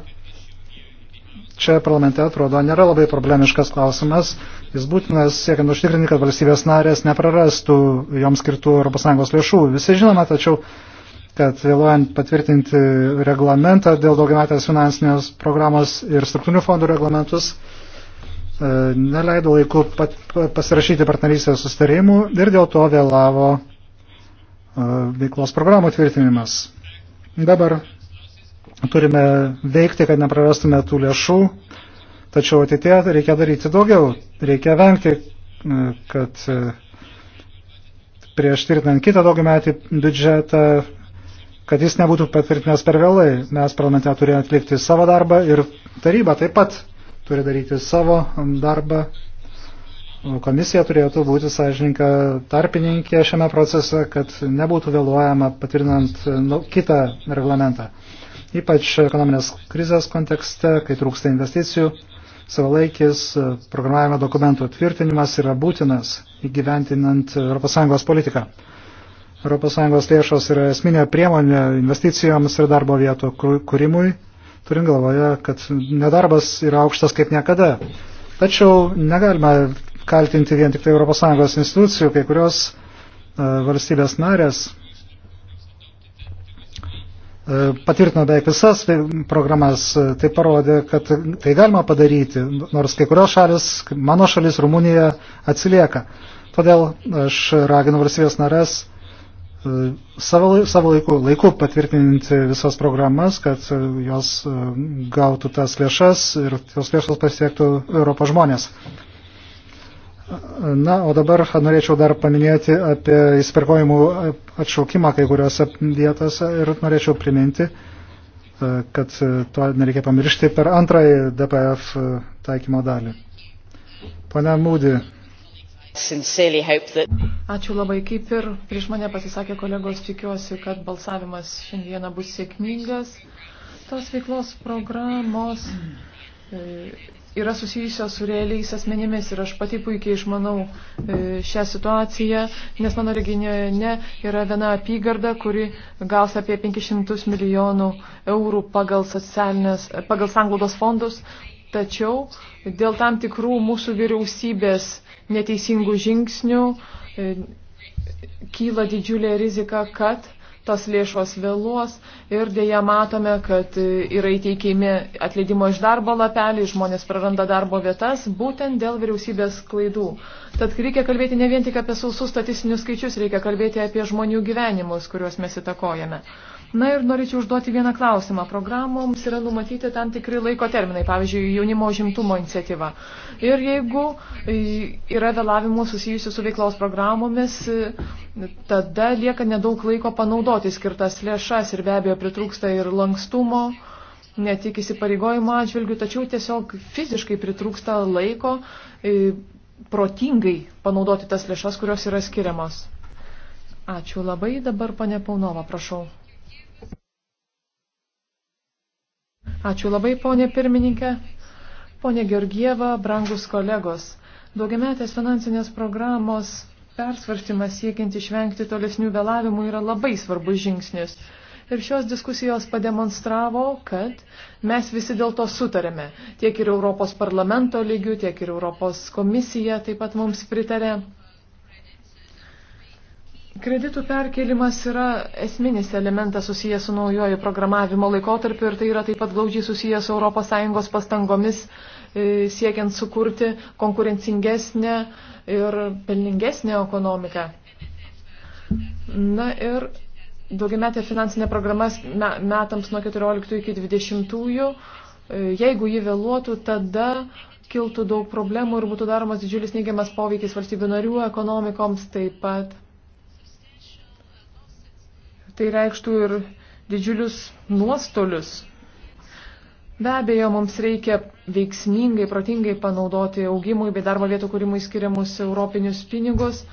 čia parlamente atrodo nėra labai problemiškas klausimas. Jis būtinas siekiant užtikrinti, kad valstybės narės neprarastų joms skirtų ES lėšų. Visi žinome, tačiau kad vėluojant patvirtinti reglamentą dėl daugiametės finansinės programos ir struktūrinių fondų reglamentus, E, neleido laiku pat, pasirašyti partnerystės sustarimų ir dėl to vėlavo e, veiklos programų tvirtinimas. Dabar turime veikti, kad neprarastume tų lėšų, tačiau ateitie reikia daryti daugiau. Reikia vengti, e, kad prieš tvirtinant kitą daugiametį biudžetą, kad jis nebūtų patvirtinęs per vėlai. Mes parlamente turėjome atlikti savo darbą ir taryba taip pat turi daryti savo darbą. Komisija turėtų būti sąžininka tarpininkė šiame procese, kad nebūtų vėluojama patvirtinant nu, kitą reglamentą. Ypač ekonominės krizės kontekste, kai trūksta investicijų, savalaikis programavimo dokumentų tvirtinimas yra būtinas įgyventinant ES politiką. ES lėšos yra esminė priemonė investicijoms ir darbo vietų kūrimui. Kur, turint galvoje, kad nedarbas yra aukštas kaip niekada. Tačiau negalime kaltinti vien tik tai ES institucijų, kai kurios e, valstybės narės e, patvirtino beveik visas programas, e, tai parodė, kad tai galima padaryti, nors kai kurios šalis, mano šalis Rumunija, atsilieka. Todėl aš raginu valstybės narės E, savo, savo laiku, laiku patvirtinti visas programas, kad jos e, gautų tas lėšas ir tos lėšos pasiektų Europos žmonės. Na, o dabar norėčiau dar paminėti apie įsipirkojimų atšaukimą kai kuriuose vietose ir norėčiau priminti, e, kad to nereikia pamiršti per antrąjį DPF taikymo dalį. Pane Mūdi, Ačiū labai, kaip ir prieš mane pasisakė kolegos, tikiuosi, kad balsavimas šiandieną bus sėkmingas. Tos veiklos programos e, yra susijusios su realiais asmenimis ir aš pati puikiai išmanau e, šią situaciją, nes mano regione yra viena apygarda, kuri gaus apie 500 milijonų eurų pagal, pagal sanglaudos fondus, tačiau dėl tam tikrų mūsų vyriausybės neteisingų žingsnių e, kyla didžiulė rizika, kad tos lėšos vėluos ir dėja matome, kad e, yra įteikiami atleidimo iš darbo lapeliai, žmonės praranda darbo vietas būtent dėl vyriausybės klaidų. Tad reikia kalbėti ne vien tik apie sausus statistinius skaičius, reikia kalbėti apie žmonių gyvenimus, kuriuos mes įtakojame. Na ir norėčiau užduoti vieną klausimą. Programoms yra numatyti tam tikri laiko terminai, pavyzdžiui, jaunimo žimtumo iniciatyva. Ir jeigu e, yra vėlavimų susijusių su veiklos programomis, e, tada lieka nedaug laiko panaudoti skirtas lėšas ir be abejo pritrūksta ir lankstumo ne tik įsipareigojimo atžvilgių, tačiau tiesiog fiziškai pritrūksta laiko e, protingai panaudoti tas lėšas, kurios yra skiriamos. Ačiū labai. Dabar pane Paunova, prašau. Ačiū labai, ponė pirmininkė. Pone Georgieva, brangus kolegos, daugiametės finansinės programos persvarstymas siekiant išvengti tolesnių vėlavimų yra labai svarbus žingsnis. Ir šios diskusijos pademonstravo, kad mes visi dėl to sutarėme. Tiek ir Europos parlamento lygių, tiek ir Europos komisija taip pat mums pritarė. Kreditų perkelimas yra esminis elementas susijęs su naujoju programavimo laikotarpiu ir tai yra taip pat glaudžiai susijęs su ES pastangomis e, siekiant sukurti konkurencingesnę ir pelningesnę ekonomiką. Na ir daugiametė finansinė programa metams nuo 14 iki 20. E, jeigu ji vėluotų, tada kiltų daug problemų ir būtų daromas didžiulis neigiamas poveikis valstybių narių ekonomikoms taip pat tai reikštų ir didžiulius nuostolius. Be abejo, mums reikia veiksmingai, protingai panaudoti augimui bei darbo vietų kūrimui skiriamus europinius pinigus,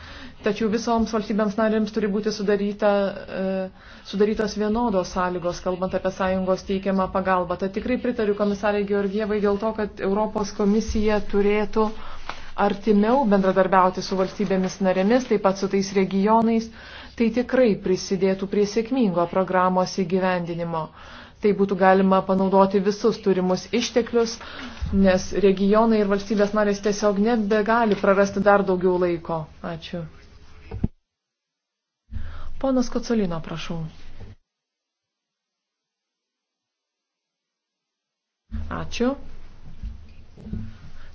tačiau visoms valstybėms narėms turi būti sudaryta, e, sudarytos vienodos sąlygos, kalbant apie sąjungos teikiamą pagalbą. Tai tikrai pritariu komisarė Georgievai dėl to, kad Europos komisija turėtų artimiau bendradarbiauti su valstybėmis narėmis, taip pat su tais regionais, tai tikrai prisidėtų prie sėkmingo programos įgyvendinimo. Tai būtų galima panaudoti visus turimus išteklius, nes regionai ir valstybės narės tiesiog nebegali prarasti dar daugiau laiko. Ačiū. Ponas Kocolino, prašau. Ačiū.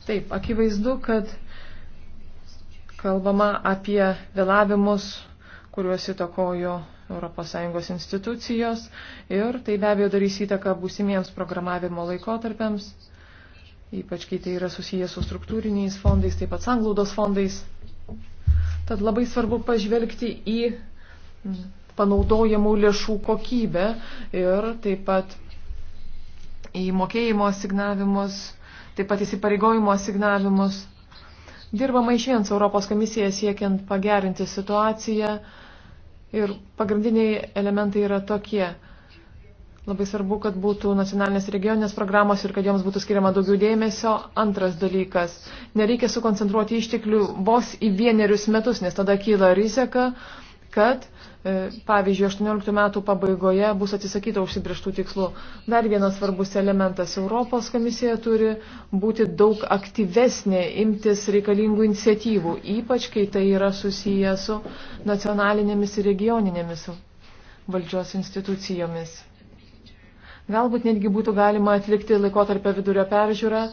Taip, akivaizdu, kad kalbama apie vėlavimus kuriuos įtakojo ES institucijos ir tai be abejo darys įtaką būsimiems programavimo laikotarpiams, ypač kai tai yra susijęs su struktūriniais fondais, taip pat sanglaudos fondais. Tad labai svarbu pažvelgti į panaudojamų lėšų kokybę ir taip pat į mokėjimo asignavimus, taip pat įsipareigojimo asignavimus. Dirbama iš vien su Europos komisija siekiant pagerinti situaciją Ir pagrindiniai elementai yra tokie. Labai svarbu, kad būtų nacionalinės regioninės programos ir kad joms būtų skiriama daugiau dėmesio. Antras dalykas - nereikia sukoncentruoti išteklių vos į vienerius metus, nes tada kyla rizika, kad E, pavyzdžiui, 18 metų pabaigoje bus atsisakyta užsibrieštų tikslų. Dar vienas svarbus elementas - Europos komisija turi būti daug aktyvesnė imtis reikalingų iniciatyvų, ypač kai tai yra susiję su nacionalinėmis ir regioninėmis valdžios institucijomis. Galbūt netgi būtų galima atlikti laikotarpio vidurio peržiūrą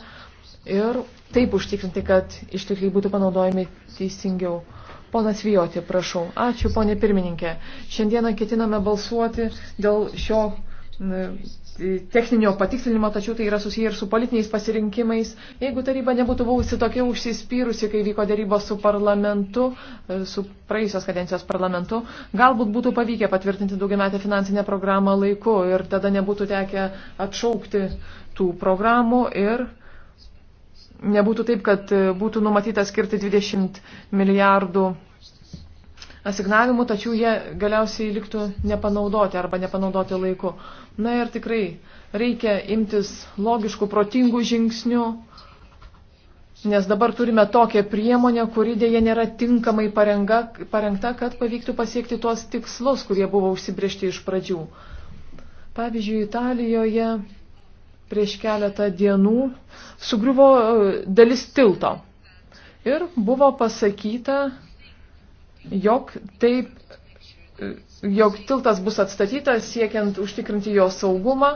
ir taip užtikrinti, kad ištekliai būtų panaudojami teisingiau. Ponas Vijoti, prašau. Ačiū, ponė pirmininkė. Šiandieną ketiname balsuoti dėl šio techninio patikslinimo, tačiau tai yra susiję ir su politiniais pasirinkimais. Jeigu taryba nebūtų buvusi tokia užsispyrusi, kai vyko dėrybos su parlamentu, e, su praėjusios kadencijos parlamentu, galbūt būtų pavykę patvirtinti daugiametę finansinę programą laiku ir tada nebūtų tekę atšaukti tų programų ir nebūtų taip, kad e, būtų numatyta skirti 20 milijardų asignavimų, tačiau jie galiausiai liktų nepanaudoti arba nepanaudoti laiku. Na ir tikrai reikia imtis logiškų, protingų žingsnių, nes dabar turime tokią priemonę, kuri dėje nėra tinkamai parenga, parengta, kad pavyktų pasiekti tuos tikslus, kurie buvo užsibriežti iš pradžių. Pavyzdžiui, Italijoje prieš keletą dienų sugriuvo e, dalis tilto. Ir buvo pasakyta, jog taip, e, jog tiltas bus atstatytas siekiant užtikrinti jo saugumą.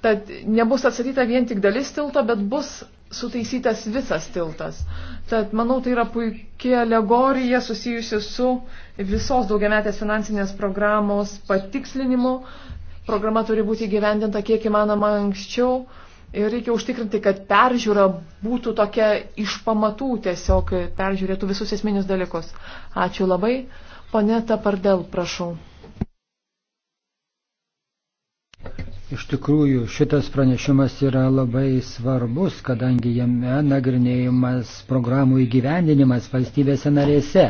Tad nebus atstatyta vien tik dalis tilto, bet bus sutaisytas visas tiltas. Tad manau, tai yra puikia alegorija susijusi su visos daugiametės finansinės programos patikslinimu, programa turi būti gyvendinta kiek įmanoma anksčiau ir reikia užtikrinti, kad peržiūra būtų tokia iš pamatų tiesiog peržiūrėtų visus esminius dalykus. Ačiū labai. Pone Tapardel, prašau. Iš tikrųjų, šitas pranešimas yra labai svarbus, kadangi jame nagrinėjimas programų įgyvendinimas valstybėse narėse.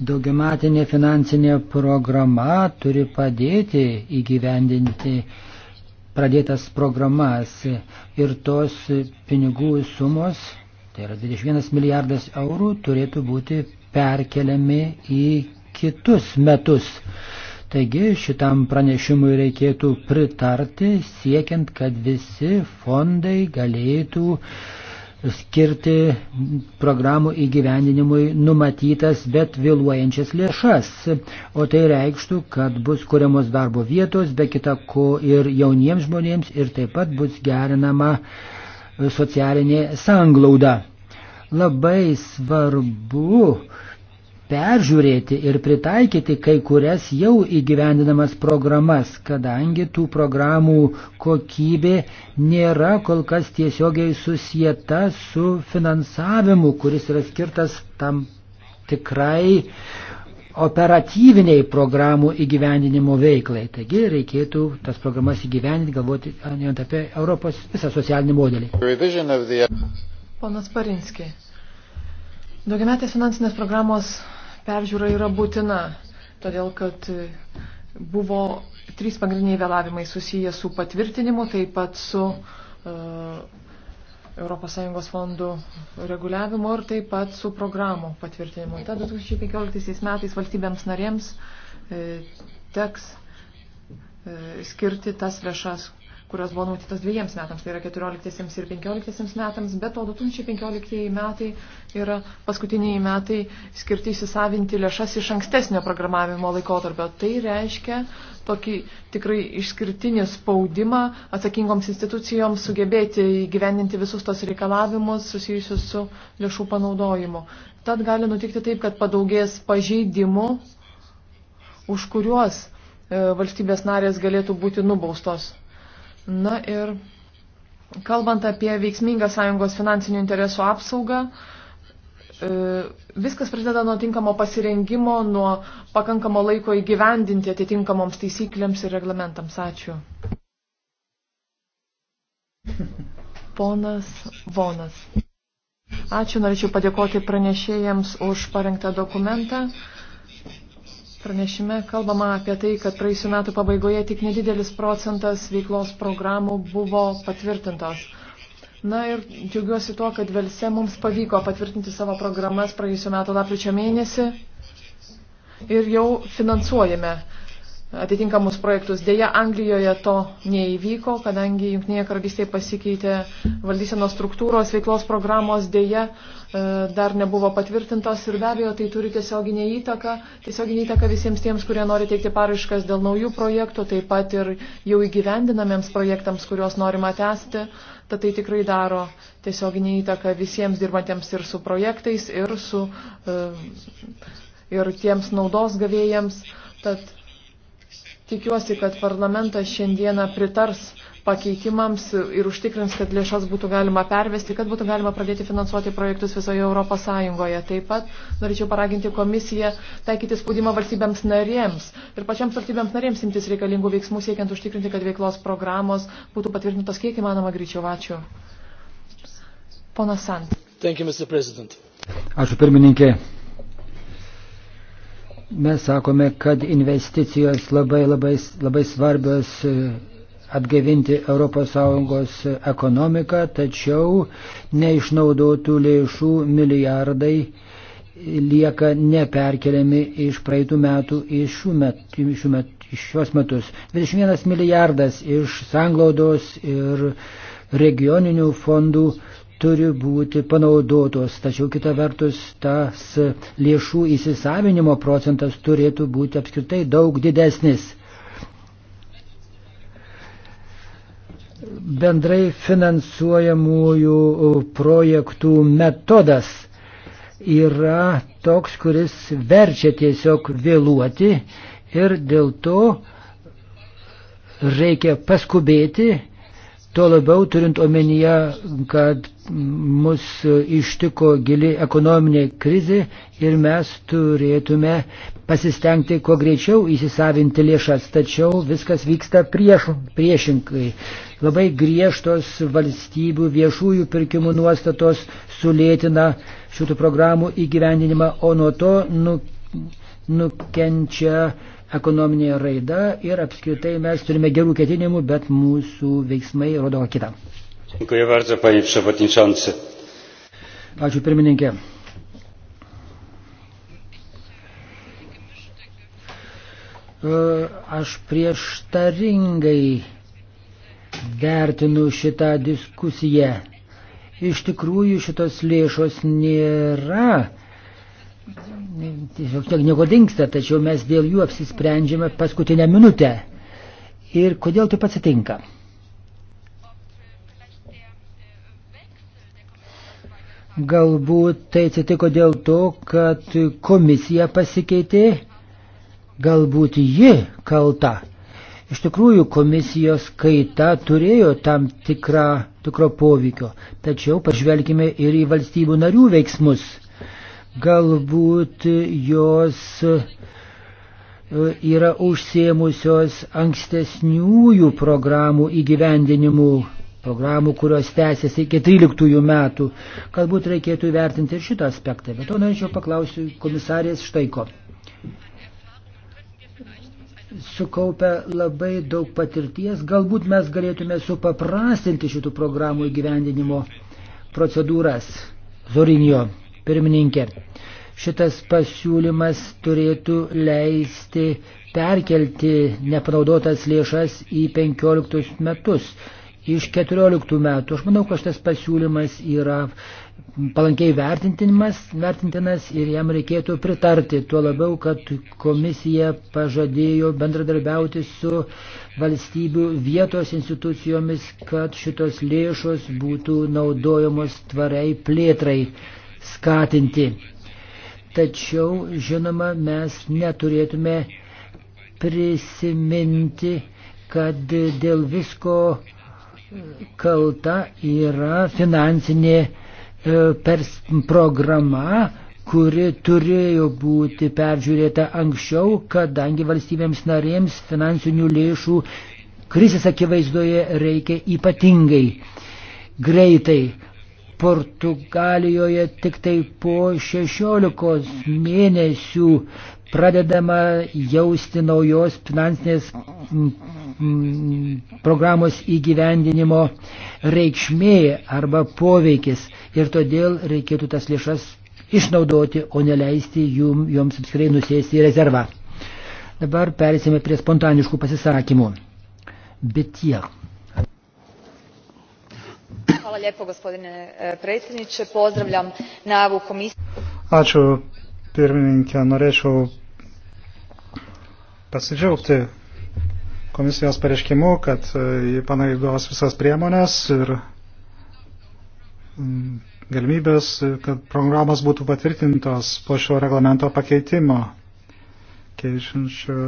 Daugiamatinė finansinė programa turi padėti įgyvendinti pradėtas programas ir tos pinigų sumos, tai yra 21 milijardas eurų, turėtų būti perkeliami į kitus metus. Taigi šitam pranešimui reikėtų pritarti, siekiant, kad visi fondai galėtų uh, skirti programų įgyvendinimui numatytas, bet vėluojančias lėšas. O tai reikštų, kad bus kuriamos darbo vietos, be kita ko ir jauniems žmonėms, ir taip pat bus gerinama socialinė sanglauda. Labai svarbu peržiūrėti ir pritaikyti kai kurias jau įgyvendinamas programas, kadangi tų programų kokybė nėra kol kas tiesiogiai susijęta su finansavimu, kuris yra skirtas tam tikrai operatyviniai programų įgyvendinimo veiklai. Taigi reikėtų tas programas įgyvendinti, galvoti apie Europos visą socialinį modelį. Ponas Parinski, daugiametės finansinės programos peržiūra yra būtina, todėl kad buvo trys pagrindiniai vėlavimai susiję su patvirtinimu, taip pat su uh, e, ES fondų reguliavimu ir taip pat su programų patvirtinimu. Ta 2015 metais valstybėms narėms uh, teks uh, skirti tas lėšas, kurios buvo numatytos dviejiems metams, tai yra 14 ir 15 metams, bet o 2015 metai yra paskutiniai metai skirti įsisavinti lėšas iš ankstesnio programavimo laikotarpio. Tai reiškia tokį tikrai išskirtinį spaudimą atsakingoms institucijoms sugebėti įgyvendinti visus tos reikalavimus susijusius su lėšų panaudojimu. Tad gali nutikti taip, kad padaugės pažeidimų, už kuriuos e, valstybės narės galėtų būti nubaustos. Na ir kalbant apie veiksmingą sąjungos finansinių interesų apsaugą, e, viskas prasideda nuo tinkamo pasirengimo, nuo pakankamo laiko įgyvendinti atitinkamoms taisyklėms ir reglamentams. Ačiū. Ponas Vonas. Ačiū, norėčiau padėkoti pranešėjams už parengtą dokumentą. Pranešime kalbama apie tai, kad praėjusiu metu pabaigoje tik nedidelis procentas veiklos programų buvo patvirtintos. Na ir džiaugiuosi tuo, kad Velse mums pavyko patvirtinti savo programas praėjusiu metu lapkričio mėnesį ir jau finansuojame atitinkamus projektus. Deja, Anglijoje to neįvyko, kadangi Junktinėje karalystėje pasikeitė valdysenos struktūros, veiklos programos, deja, E, dar nebuvo patvirtintos ir be abejo tai turi tiesioginę įtaką, tiesioginę įtaką visiems tiems, kurie nori teikti paraiškas dėl naujų projektų, taip pat ir jau įgyvendinamiems projektams, kuriuos norima tęsti. Tad tai tikrai daro tiesioginį įtaką visiems dirbantiems ir su projektais, ir, su, e, ir tiems naudos gavėjams. Tad tikiuosi, kad parlamentas šiandieną pritars pakeitimams ir užtikrins, kad lėšas būtų galima pervesti, kad būtų galima pradėti finansuoti projektus visoje Europos Sąjungoje. Taip pat norėčiau paraginti komisiją taikyti spaudimą valstybėms narėms ir pačiams valstybėms narėms imtis reikalingų veiksmų, siekiant užtikrinti, kad veiklos programos būtų patvirtintos kiek įmanoma greičiau. Ačiū. Ponas Sant. Thank you, Mr. President. Ačiū pirmininkė. Mes sakome, kad investicijos labai, labai, labai svarbios atgaivinti ES ekonomiką, tačiau neišnaudotų lėšų milijardai lieka neperkeliami iš praeitų metų į šių metų. Šių metų iš šios metus. 21 milijardas iš sanglaudos ir regioninių fondų turi būti panaudotos, tačiau kita vertus tas lėšų įsisavinimo procentas turėtų būti apskritai daug didesnis. bendrai finansuojamųjų projektų metodas yra toks, kuris verčia tiesiog vėluoti ir dėl to reikia paskubėti, tuo labiau turint omenyje, kad mus ištiko gili ekonominė krizė ir mes turėtume pasistengti kuo greičiau įsisavinti lėšas, tačiau viskas vyksta prieš, priešinkai. Labai griežtos valstybių viešųjų pirkimų nuostatos sulėtina šitų programų įgyvendinimą, o nuo to nu, nukenčia ekonominė raida ir apskritai mes turime gerų ketinimų, bet mūsų veiksmai rodo kitą. Ačiū pirmininkė. E, aš prieštaringai vertinu šitą diskusiją. Iš tikrųjų šitos lėšos nėra. Tiesiog tiek nieko dinksta, tačiau mes dėl jų apsisprendžiame paskutinę minutę. Ir kodėl taip atsitinka? Galbūt tai atsitiko dėl to, kad komisija pasikeitė Galbūt ji kalta. Iš tikrųjų, komisijos kaita turėjo tam tikrą, tikro poveikio, tačiau pažvelgime ir į valstybių narių veiksmus. Galbūt jos e, yra užsiemusios ankstesniųjų programų įgyvendinimų, programų, kurios tęsiasi iki 13 metų. Galbūt reikėtų įvertinti ir šitą aspektą, bet to norėčiau paklausiu komisarės Štaiko sukaupę labai daug patirties. Galbūt mes galėtume supaprastinti šitų programų įgyvendinimo procedūras. Zorinio pirmininkė. Šitas pasiūlymas turėtų leisti perkelti nepanaudotas lėšas į 15 metus. Iš 14 metų aš manau, kad šitas pasiūlymas yra uh, palankiai vertintinas ir jam reikėtų pritarti, tuo labiau, kad komisija pažadėjo bendradarbiauti su valstybių vietos institucijomis, kad šitos lėšos būtų naudojamos tvariai plėtrai skatinti. Tačiau, žinoma, mes neturėtume prisiminti, kad dėl visko kalta yra finansinė E, per programa, kuri turėjo būti peržiūrėta anksčiau, kadangi valstybėms narėms finansinių lėšų krizės akivaizdoje reikia ypatingai greitai. Portugalijoje tik tai po 16 mėnesių pradedama jausti naujos finansinės programos įgyvendinimo reikšmė arba poveikis ir todėl reikėtų tas lėšas išnaudoti, o neleisti jum, joms apskrai nusėsti į rezervą. Dabar perėsime prie spontaniškų pasisakymų. Bet tiek. Ja. Hvala lijepo gospodine e, predsjedniče. Pozdravljam najavu komisije. Ačiū pirmininkė. Norėčiau pasidžiaugti komisijos pareiškimu, kad e, jį panaidos visas priemonės ir mm, galimybės, kad programos būtų patvirtintos po šio reglamento pakeitimo, keičiančio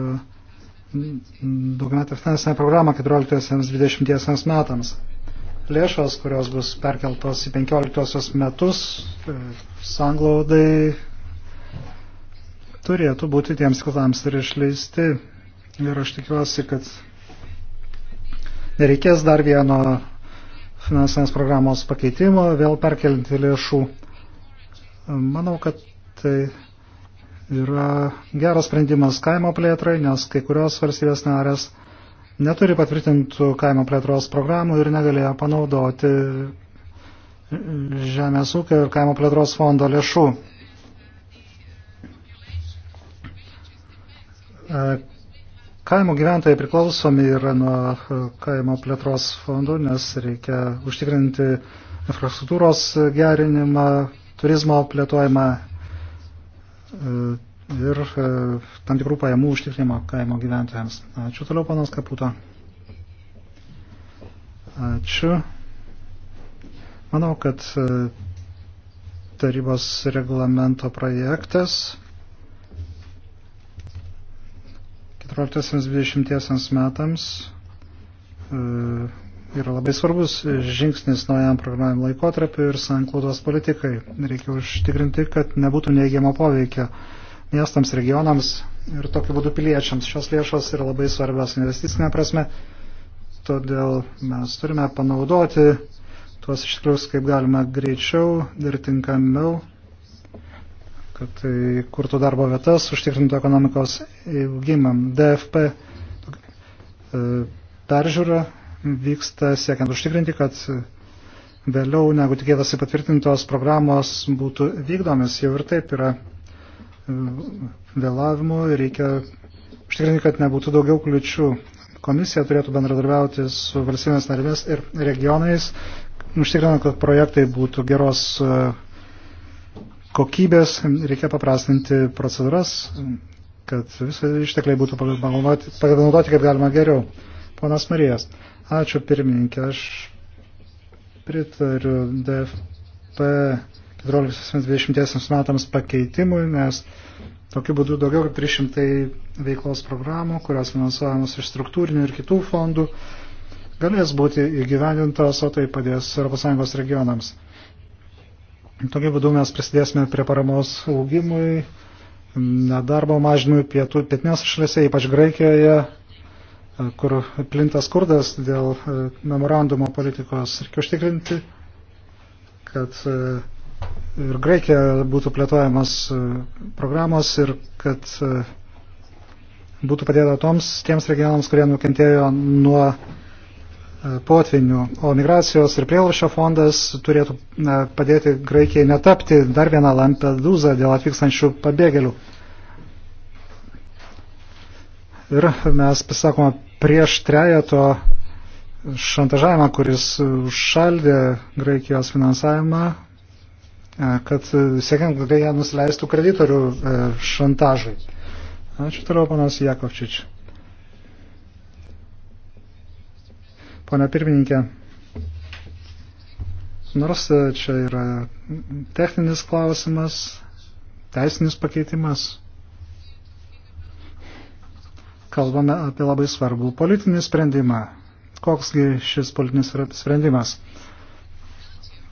mm, daugiametę finansinę programą 14-20 metams. Lėšos, kurios bus perkeltos į 15 metus, e, sanglaudai turėtų būti tiems tikslams ir išleisti. Ir aš tikiuosi, kad nereikės dar vieno finansinės programos pakeitimo, vėl perkelinti lėšų. Manau, kad tai yra geras sprendimas kaimo plėtrai, nes kai kurios valstybės narės neturi patvirtintų kaimo plėtros programų ir negalėjo panaudoti Žemės ūkio ir kaimo plėtros fondo lėšų. E, kaimo gyventojai priklausomi yra nuo e, kaimo plėtros fondų, nes reikia užtikrinti infrastruktūros gerinimą, turizmo plėtojimą e, ir tam tikrų pajamų užtikrinimą kaimo gyventojams. Ačiū toliau, panas Kaputo. Ačiū. Manau, kad tarybos reglamento projektas 14-20 metams e, yra labai svarbus žingsnis naujam programavimo laikotarpiu ir sanklaudos politikai. Reikia užtikrinti, kad nebūtų neigiamo poveikia miestams, regionams ir tokiu būdu piliečiams. Šios lėšos yra labai svarbios investicinė prasme, todėl mes turime panaudoti tuos išklius kaip galima greičiau ir tinkamiau kad tai kurtų darbo vietas, užtikrintų ekonomikos augimą. DFP e, peržiūra vyksta siekiant užtikrinti, kad vėliau negu tikėtasi patvirtintos programos būtų vykdomis. Jau ir taip yra e, vėlavimų ir reikia užtikrinti, kad nebūtų daugiau kliučių. Komisija turėtų bendradarbiauti su valstybės narėmis ir regionais, užtikrinant, kad projektai būtų geros e, kokybės, reikia paprastinti procedūras, kad visi ištekliai būtų panaudoti kaip galima geriau. Ponas Marijas, ačiū pirmininkė, aš pritariu DFP 14-20 metams pakeitimui, nes tokiu būdu daugiau kaip 300 veiklos programų, kurios finansuojamos iš struktūrinių ir kitų fondų, galės būti įgyvendintos, o tai padės ES regionams. Tokiu būdu mes prisidėsime prie paramos augimui, nedarbo mažinimui pietų, pietinės šalyse, ypač Graikijoje, kur plintas skurdas dėl e, memorandumo politikos. Reikia užtikrinti, kad e, ir Graikija būtų plėtojamas e, programos ir kad būtų padėta toms, tiems regionams, kurie nukentėjo nuo potvinių, o migracijos ir prievalšio fondas turėtų padėti Graikijai netapti dar vieną Lampedūzą dėl atvykstančių pabėgėlių. Ir mes pasakome prieš trejato šantažavimą, kuris užšaldė Graikijos finansavimą, e, kad siekiant, kad jie nusileistų kreditorių e, šantažui. Ačiū toliau, panas Jakovčičiai. Pone pirmininkė, nors čia yra techninis klausimas, teisinis pakeitimas, kalbame apie labai svarbų politinį sprendimą. Koksgi šis politinis sprendimas?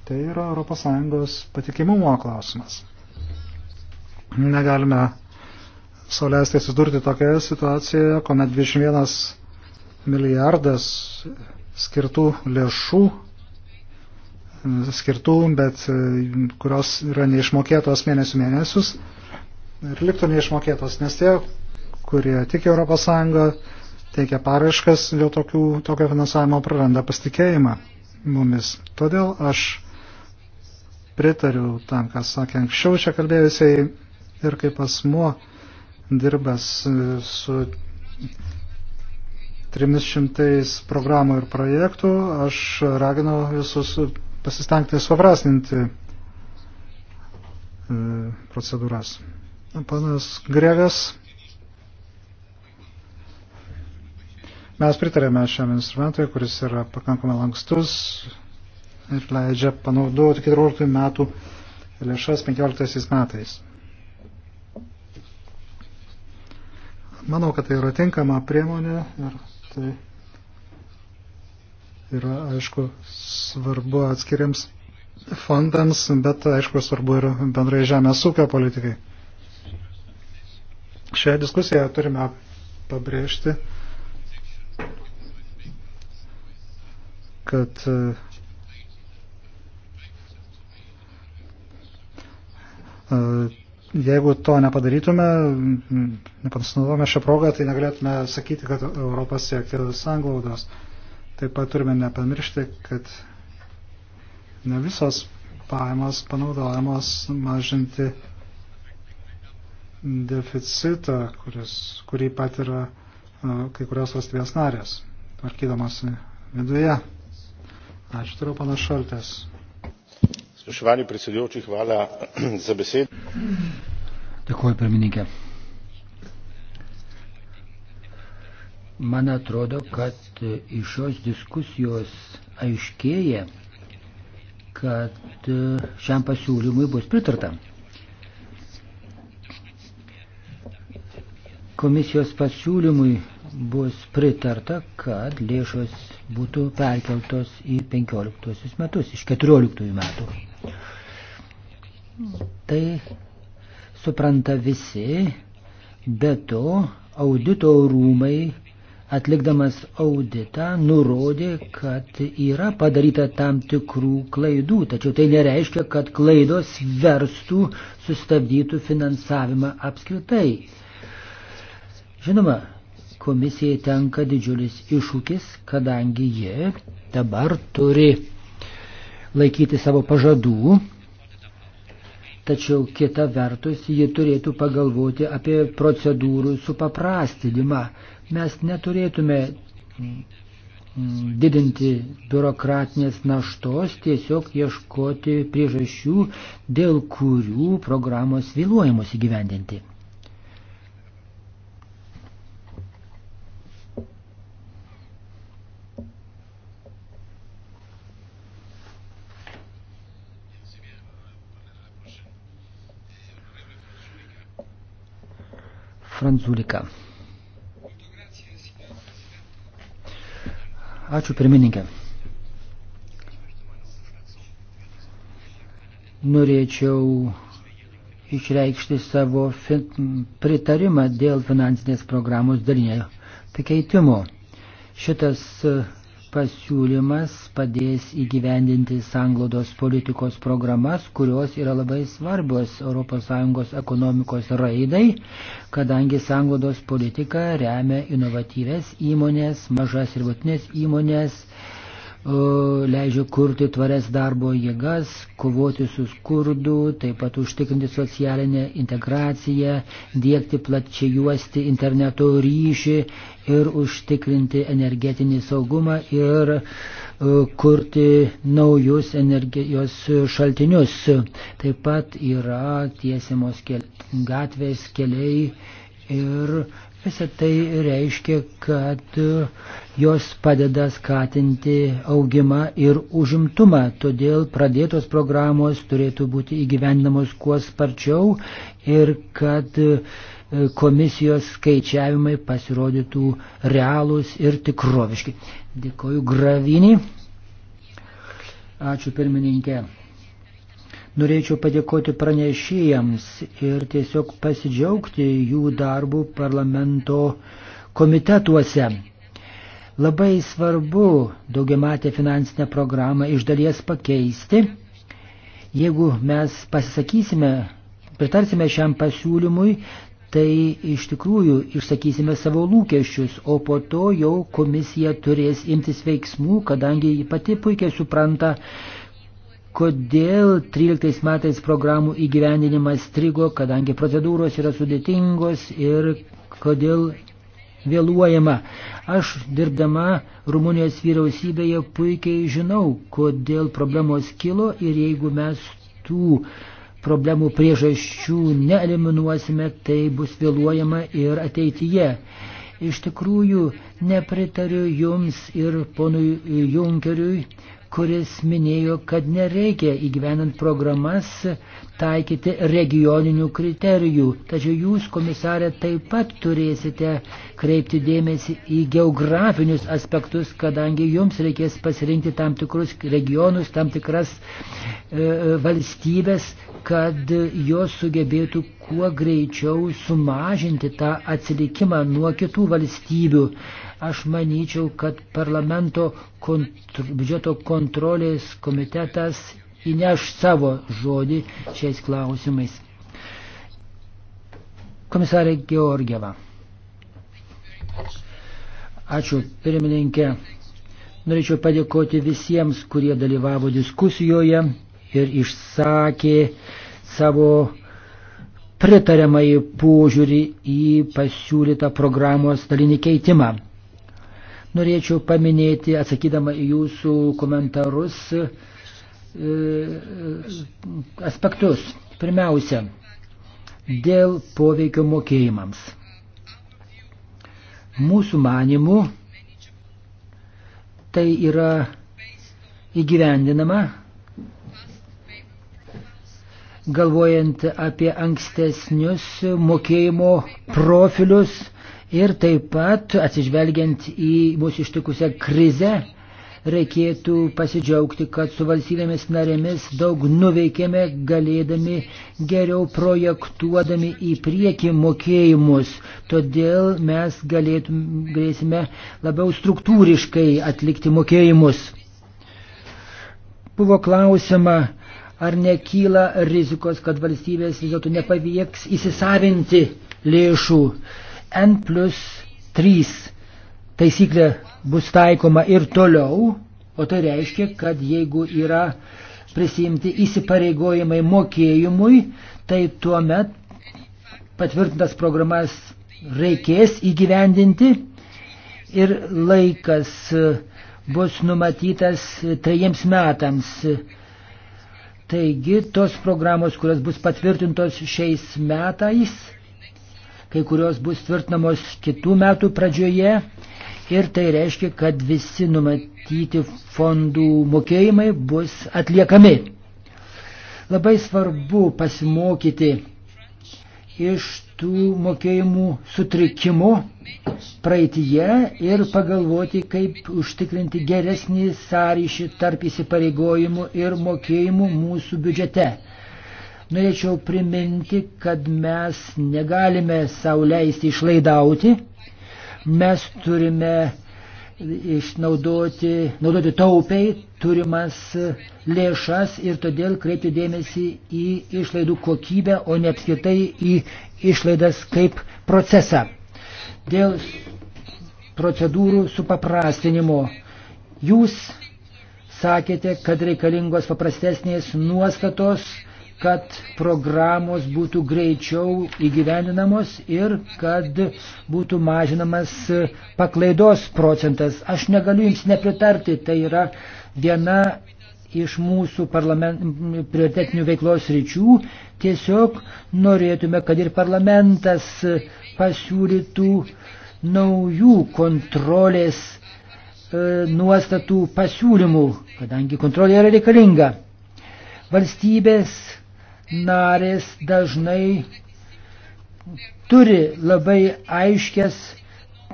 Tai yra ES patikimumo klausimas. Negalime sauliaisti atsidurti tokioje situacijoje, kuomet 21 milijardas skirtų lėšų, skirtų, bet e, kurios yra neišmokėtos mėnesių mėnesius ir liktų neišmokėtos, nes tie, kurie tik ES teikia paraiškas dėl tokių, tokio finansavimo praranda pasitikėjimą mumis. Todėl aš pritariu tam, kas sakė anksčiau čia kalbėjusiai ir kaip asmuo dirbęs e, su 300 programų ir projektų. Aš raginau visus pasistengti suprasninti e, procedūras. Panas Gregas, mes pritarėme šiam instrumentui, kuris yra pakankamai lankstus ir leidžia panaudoti 14 metų lėšas 15 metais. Manau, kad tai yra tinkama priemonė ir Tai yra, aišku, svarbu atskiriams fondams, bet, aišku, svarbu ir bendrai žemės ūkio politikai. Šioje diskusijoje turime pabrėžti, kad e, Jeigu to nepadarytume, nepasinaudojame šią progą, tai negalėtume sakyti, kad Europa siekia sanglaudos. Taip pat turime nepamiršti, kad ne visos pajamos panaudojamos mažinti deficitą, kuris, kurį pat yra e, kai kurios valstybės narės, tvarkydamas viduje. Ačiū, turiu panašaltės. Spoštovani predsedujoči, hvala [CLEARS THROAT] za besedo. Dėkuoju, pirmininkė. Man atrodo, kad eh, iš šios diskusijos aiškėja, kad eh, šiam pasiūlymui bus pritarta. Komisijos pasiūlymui bus pritarta, kad lėšos būtų perkeltos į 15 metus, iš 14 metų. Tai supranta visi, be to audito rūmai atlikdamas auditą nurodė, kad yra padaryta tam tikrų klaidų, tačiau tai nereiškia, kad klaidos verstų sustabdytų finansavimą apskritai. Žinoma, komisijai tenka didžiulis iššūkis, kadangi ji dabar turi laikyti savo pažadų, tačiau kita vertus ji turėtų pagalvoti apie procedūrų supaprastinimą. Mes neturėtume didinti biurokratinės naštos, tiesiog ieškoti priežasčių, dėl kurių programos vėluojamos įgyvendinti. Franzulika. Ačiū pirmininkė. Norėčiau išreikšti savo pritarimą dėl finansinės programos dalinio pakeitimo. Šitas pasiūlymas padės įgyvendinti sanglodos politikos programas, kurios yra labai svarbios ES ekonomikos raidai, kadangi sanglodos politika remia inovatyves įmonės, mažas ir būtinės įmonės, leidžia kurti tvarias darbo jėgas, kovoti su skurdu, taip pat užtikrinti socialinę integraciją, dėkti plačiai juosti interneto ryšį ir užtikrinti energetinį saugumą ir kurti naujus energijos šaltinius. Taip pat yra tiesiamos kel gatvės, keliai ir Visą tai reiškia, kad jos padeda skatinti augimą ir užimtumą, todėl pradėtos programos turėtų būti įgyvendamos kuo sparčiau ir kad e, komisijos skaičiavimai pasirodytų realūs ir tikroviški. Dėkoju Gravinį. Ačiū pirmininkė. Norėčiau padėkoti pranešėjams ir tiesiog pasidžiaugti jų darbų parlamento komitetuose. Labai svarbu daugiamatę finansinę programą iš dalies pakeisti. Jeigu mes pasisakysime, pritarsime šiam pasiūlymui, tai iš tikrųjų išsakysime savo lūkesčius, o po to jau komisija turės imtis veiksmų, kadangi ji pati puikiai supranta, Kodėl 13 metais programų įgyvendinimas strigo, kadangi procedūros yra sudėtingos ir kodėl vėluojama. Aš dirbdama Rumunijos vyriausybėje puikiai žinau, kodėl problemos kilo ir jeigu mes tų problemų priežasčių neeliminuosime, tai bus vėluojama ir ateityje. Iš tikrųjų, nepritariu jums ir ponui Junkeriui, kuris minėjo, kad nereikia įgyvenant programas taikyti regioninių kriterijų. Tačiau jūs, komisarė, taip pat turėsite kreipti dėmesį į geografinius aspektus, kadangi jums reikės pasirinkti tam tikrus regionus, tam tikras e, valstybės, kad jos sugebėtų kuo greičiau sumažinti tą atsilikimą nuo kitų valstybių. Aš manyčiau, kad parlamento kontr biudžeto kontrolės komitetas įneš savo žodį šiais klausimais. Komisarė Georgieva. Ačiū, pirmininkė. Norėčiau padėkoti visiems, kurie dalyvavo diskusijoje ir išsakė savo pritariamai požiūrį į pasiūlytą programos dalinį keitimą. Norėčiau paminėti, atsakydama į jūsų komentarus, e, aspektus. Pirmiausia, dėl poveikio mokėjimams. Mūsų manimų tai yra įgyvendinama, galvojant apie ankstesnius mokėjimo profilius ir taip pat atsižvelgiant į mūsų ištikusią krizę reikėtų pasidžiaugti, kad su valstybėmis narėmis daug nuveikėme, galėdami geriau projektuodami į priekį mokėjimus. Todėl mes galėtum, galėsime labiau struktūriškai atlikti mokėjimus. Buvo klausima, ar nekyla rizikos, kad valstybės vis dėlto nepavyks įsisavinti lėšų N plus 3 taisyklė bus taikoma ir toliau, o tai reiškia, kad jeigu yra prisimti įsipareigojimai mokėjimui, tai tuomet patvirtintas programas reikės įgyvendinti ir laikas bus numatytas trejiems metams. Taigi tos programos, kurios bus patvirtintos šiais metais, kai kurios bus tvirtinamos kitų metų pradžioje ir tai reiškia, kad visi numatyti fondų mokėjimai bus atliekami. Labai svarbu pasimokyti iš tų mokėjimų sutrikimų praeitie ir pagalvoti, kaip užtikrinti geresnį sąryšį tarp įsipareigojimų ir mokėjimų mūsų biudžete. Norėčiau priminti, kad mes negalime sauliaisti išlaidauti, mes turime išnaudoti, naudoti taupiai turimas lėšas ir todėl kreipti dėmesį į išlaidų kokybę, o ne apskritai į išlaidas kaip procesą. Dėl procedūrų supaprastinimo jūs sakėte, kad reikalingos paprastesnės nuostatos, kad programos būtų greičiau įgyvendinamos ir kad būtų mažinamas paklaidos procentas. Aš negaliu Jums nepritarti, tai yra viena iš mūsų prioritetinių veiklos ryčių. Tiesiog norėtume, kad ir parlamentas pasiūlytų naujų kontrolės e, nuostatų pasiūlymų, kadangi kontrolė yra reikalinga. Valstybės narės dažnai turi labai aiškias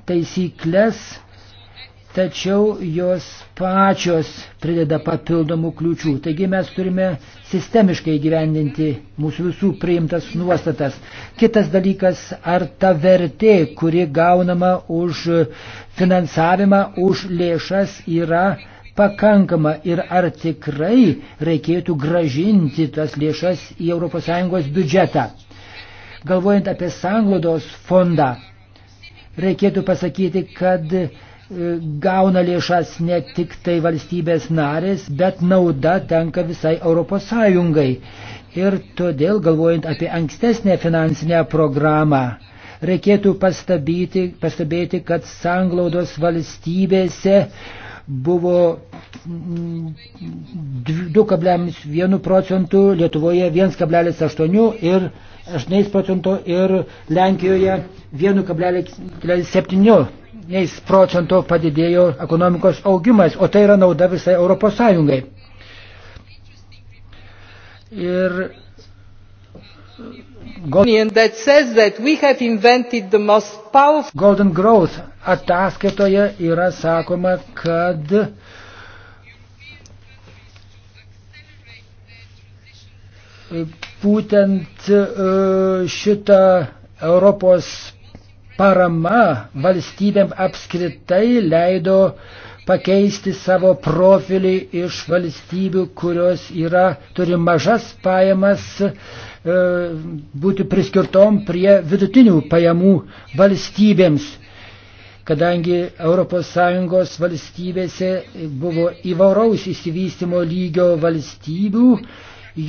taisyklės, tačiau jos pačios prideda papildomų kliūčių. Taigi mes turime sistemiškai gyvendinti mūsų visų priimtas nuostatas. Kitas dalykas, ar ta vertė, kuri gaunama už finansavimą, už lėšas, yra pakankama ir ar tikrai reikėtų gražinti tas lėšas į ES biudžetą. Galvojant apie sanglodos fondą, reikėtų pasakyti, kad e, gauna lėšas ne tik tai valstybės narės, bet nauda tenka visai ES. Ir todėl, galvojant apie ankstesnę finansinę programą, reikėtų pastabyti, pastabėti, kad sanglaudos valstybėse buvo 2,1 mm, procentų, Lietuvoje 1,8 ir 8 procentų ir Lenkijoje 1,7 procento padidėjo ekonomikos augimas, o tai yra nauda visai Europos Sąjungai. Ir Golden Growth ataskaitoje yra sakoma, kad būtent e, šita Europos parama valstybėm apskritai leido pakeisti savo profilį iš valstybių, kurios yra, turi mažas pajamas E, būti priskirtom prie vidutinių pajamų valstybėms, kadangi ES valstybėse buvo įvairaus įsivystimo lygio valstybių,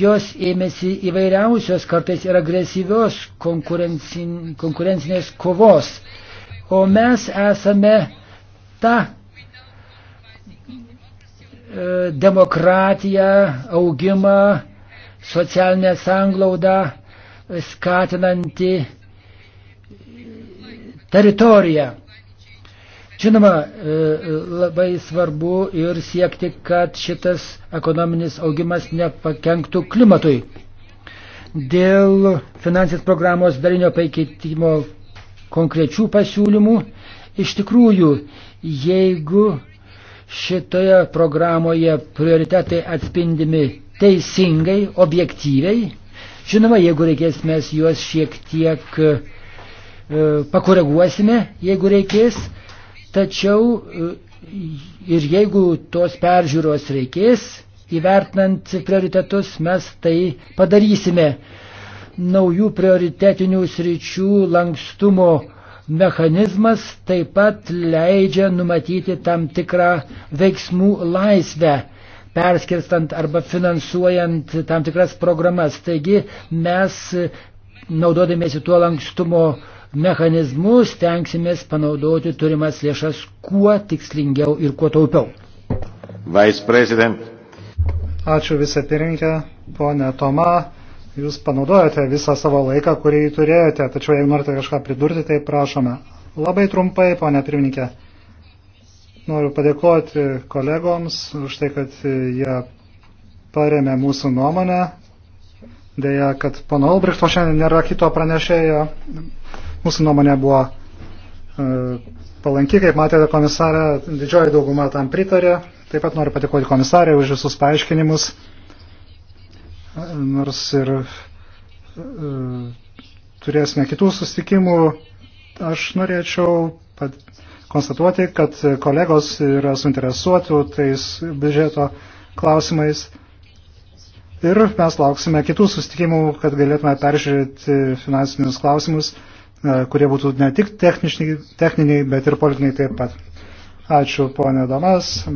jos ėmėsi įvairiausios, kartais ir agresyvios konkurencin, konkurencinės kovos. O mes esame ta e, demokratiją, augimą, socialinę sanglaudą skatinanti teritorija. Žinoma, e, e, labai svarbu ir siekti, kad šitas ekonominis augimas nepakenktų klimatui. Dėl finansinės programos dalinio pakeitimo konkrečių pasiūlymų, iš tikrųjų, jeigu šitoje programoje prioritetai atspindimi teisingai, objektyviai. Žinoma, jeigu reikės, mes juos šiek tiek e, pakoreguosime, jeigu reikės, tačiau e, ir jeigu tos peržiūros reikės, įvertinant prioritetus, mes tai padarysime. Naujų prioritetinių sričių lankstumo mechanizmas taip pat leidžia numatyti tam tikrą veiksmų laisvę perskirstant arba finansuojant tam tikras programas. Taigi mes, naudodamėsi tuo lankstumo mechanizmu, stengsimės panaudoti turimas lėšas kuo tikslingiau ir kuo taupiau. Vice President. Ačiū visą pirinkę, ponė Toma. Jūs panaudojate visą savo laiką, kurį turėjote, tačiau jeigu norite kažką pridurti, tai prašome. Labai trumpai, ponė pirmininkė. Noriu padėkoti kolegoms už tai, kad jie paremė mūsų nuomonę. Deja, kad pono Albrechto šiandien nėra kito pranešėjo. Mūsų nuomonė buvo e, palanki, kaip matėte komisarę, didžioji dauguma tam pritarė. Taip pat noriu patikoti komisarė už visus paaiškinimus, e, nors ir e, turėsime kitų susitikimų. Aš norėčiau pat, konstatuoti, kad kolegos yra suinteresuoti tais biudžeto klausimais. Ir mes lauksime kitų sustikimų, kad galėtume peržiūrėti finansinius klausimus, e, kurie būtų ne tik techniniai, bet ir politiniai taip pat. Ačiū, ponė Domas.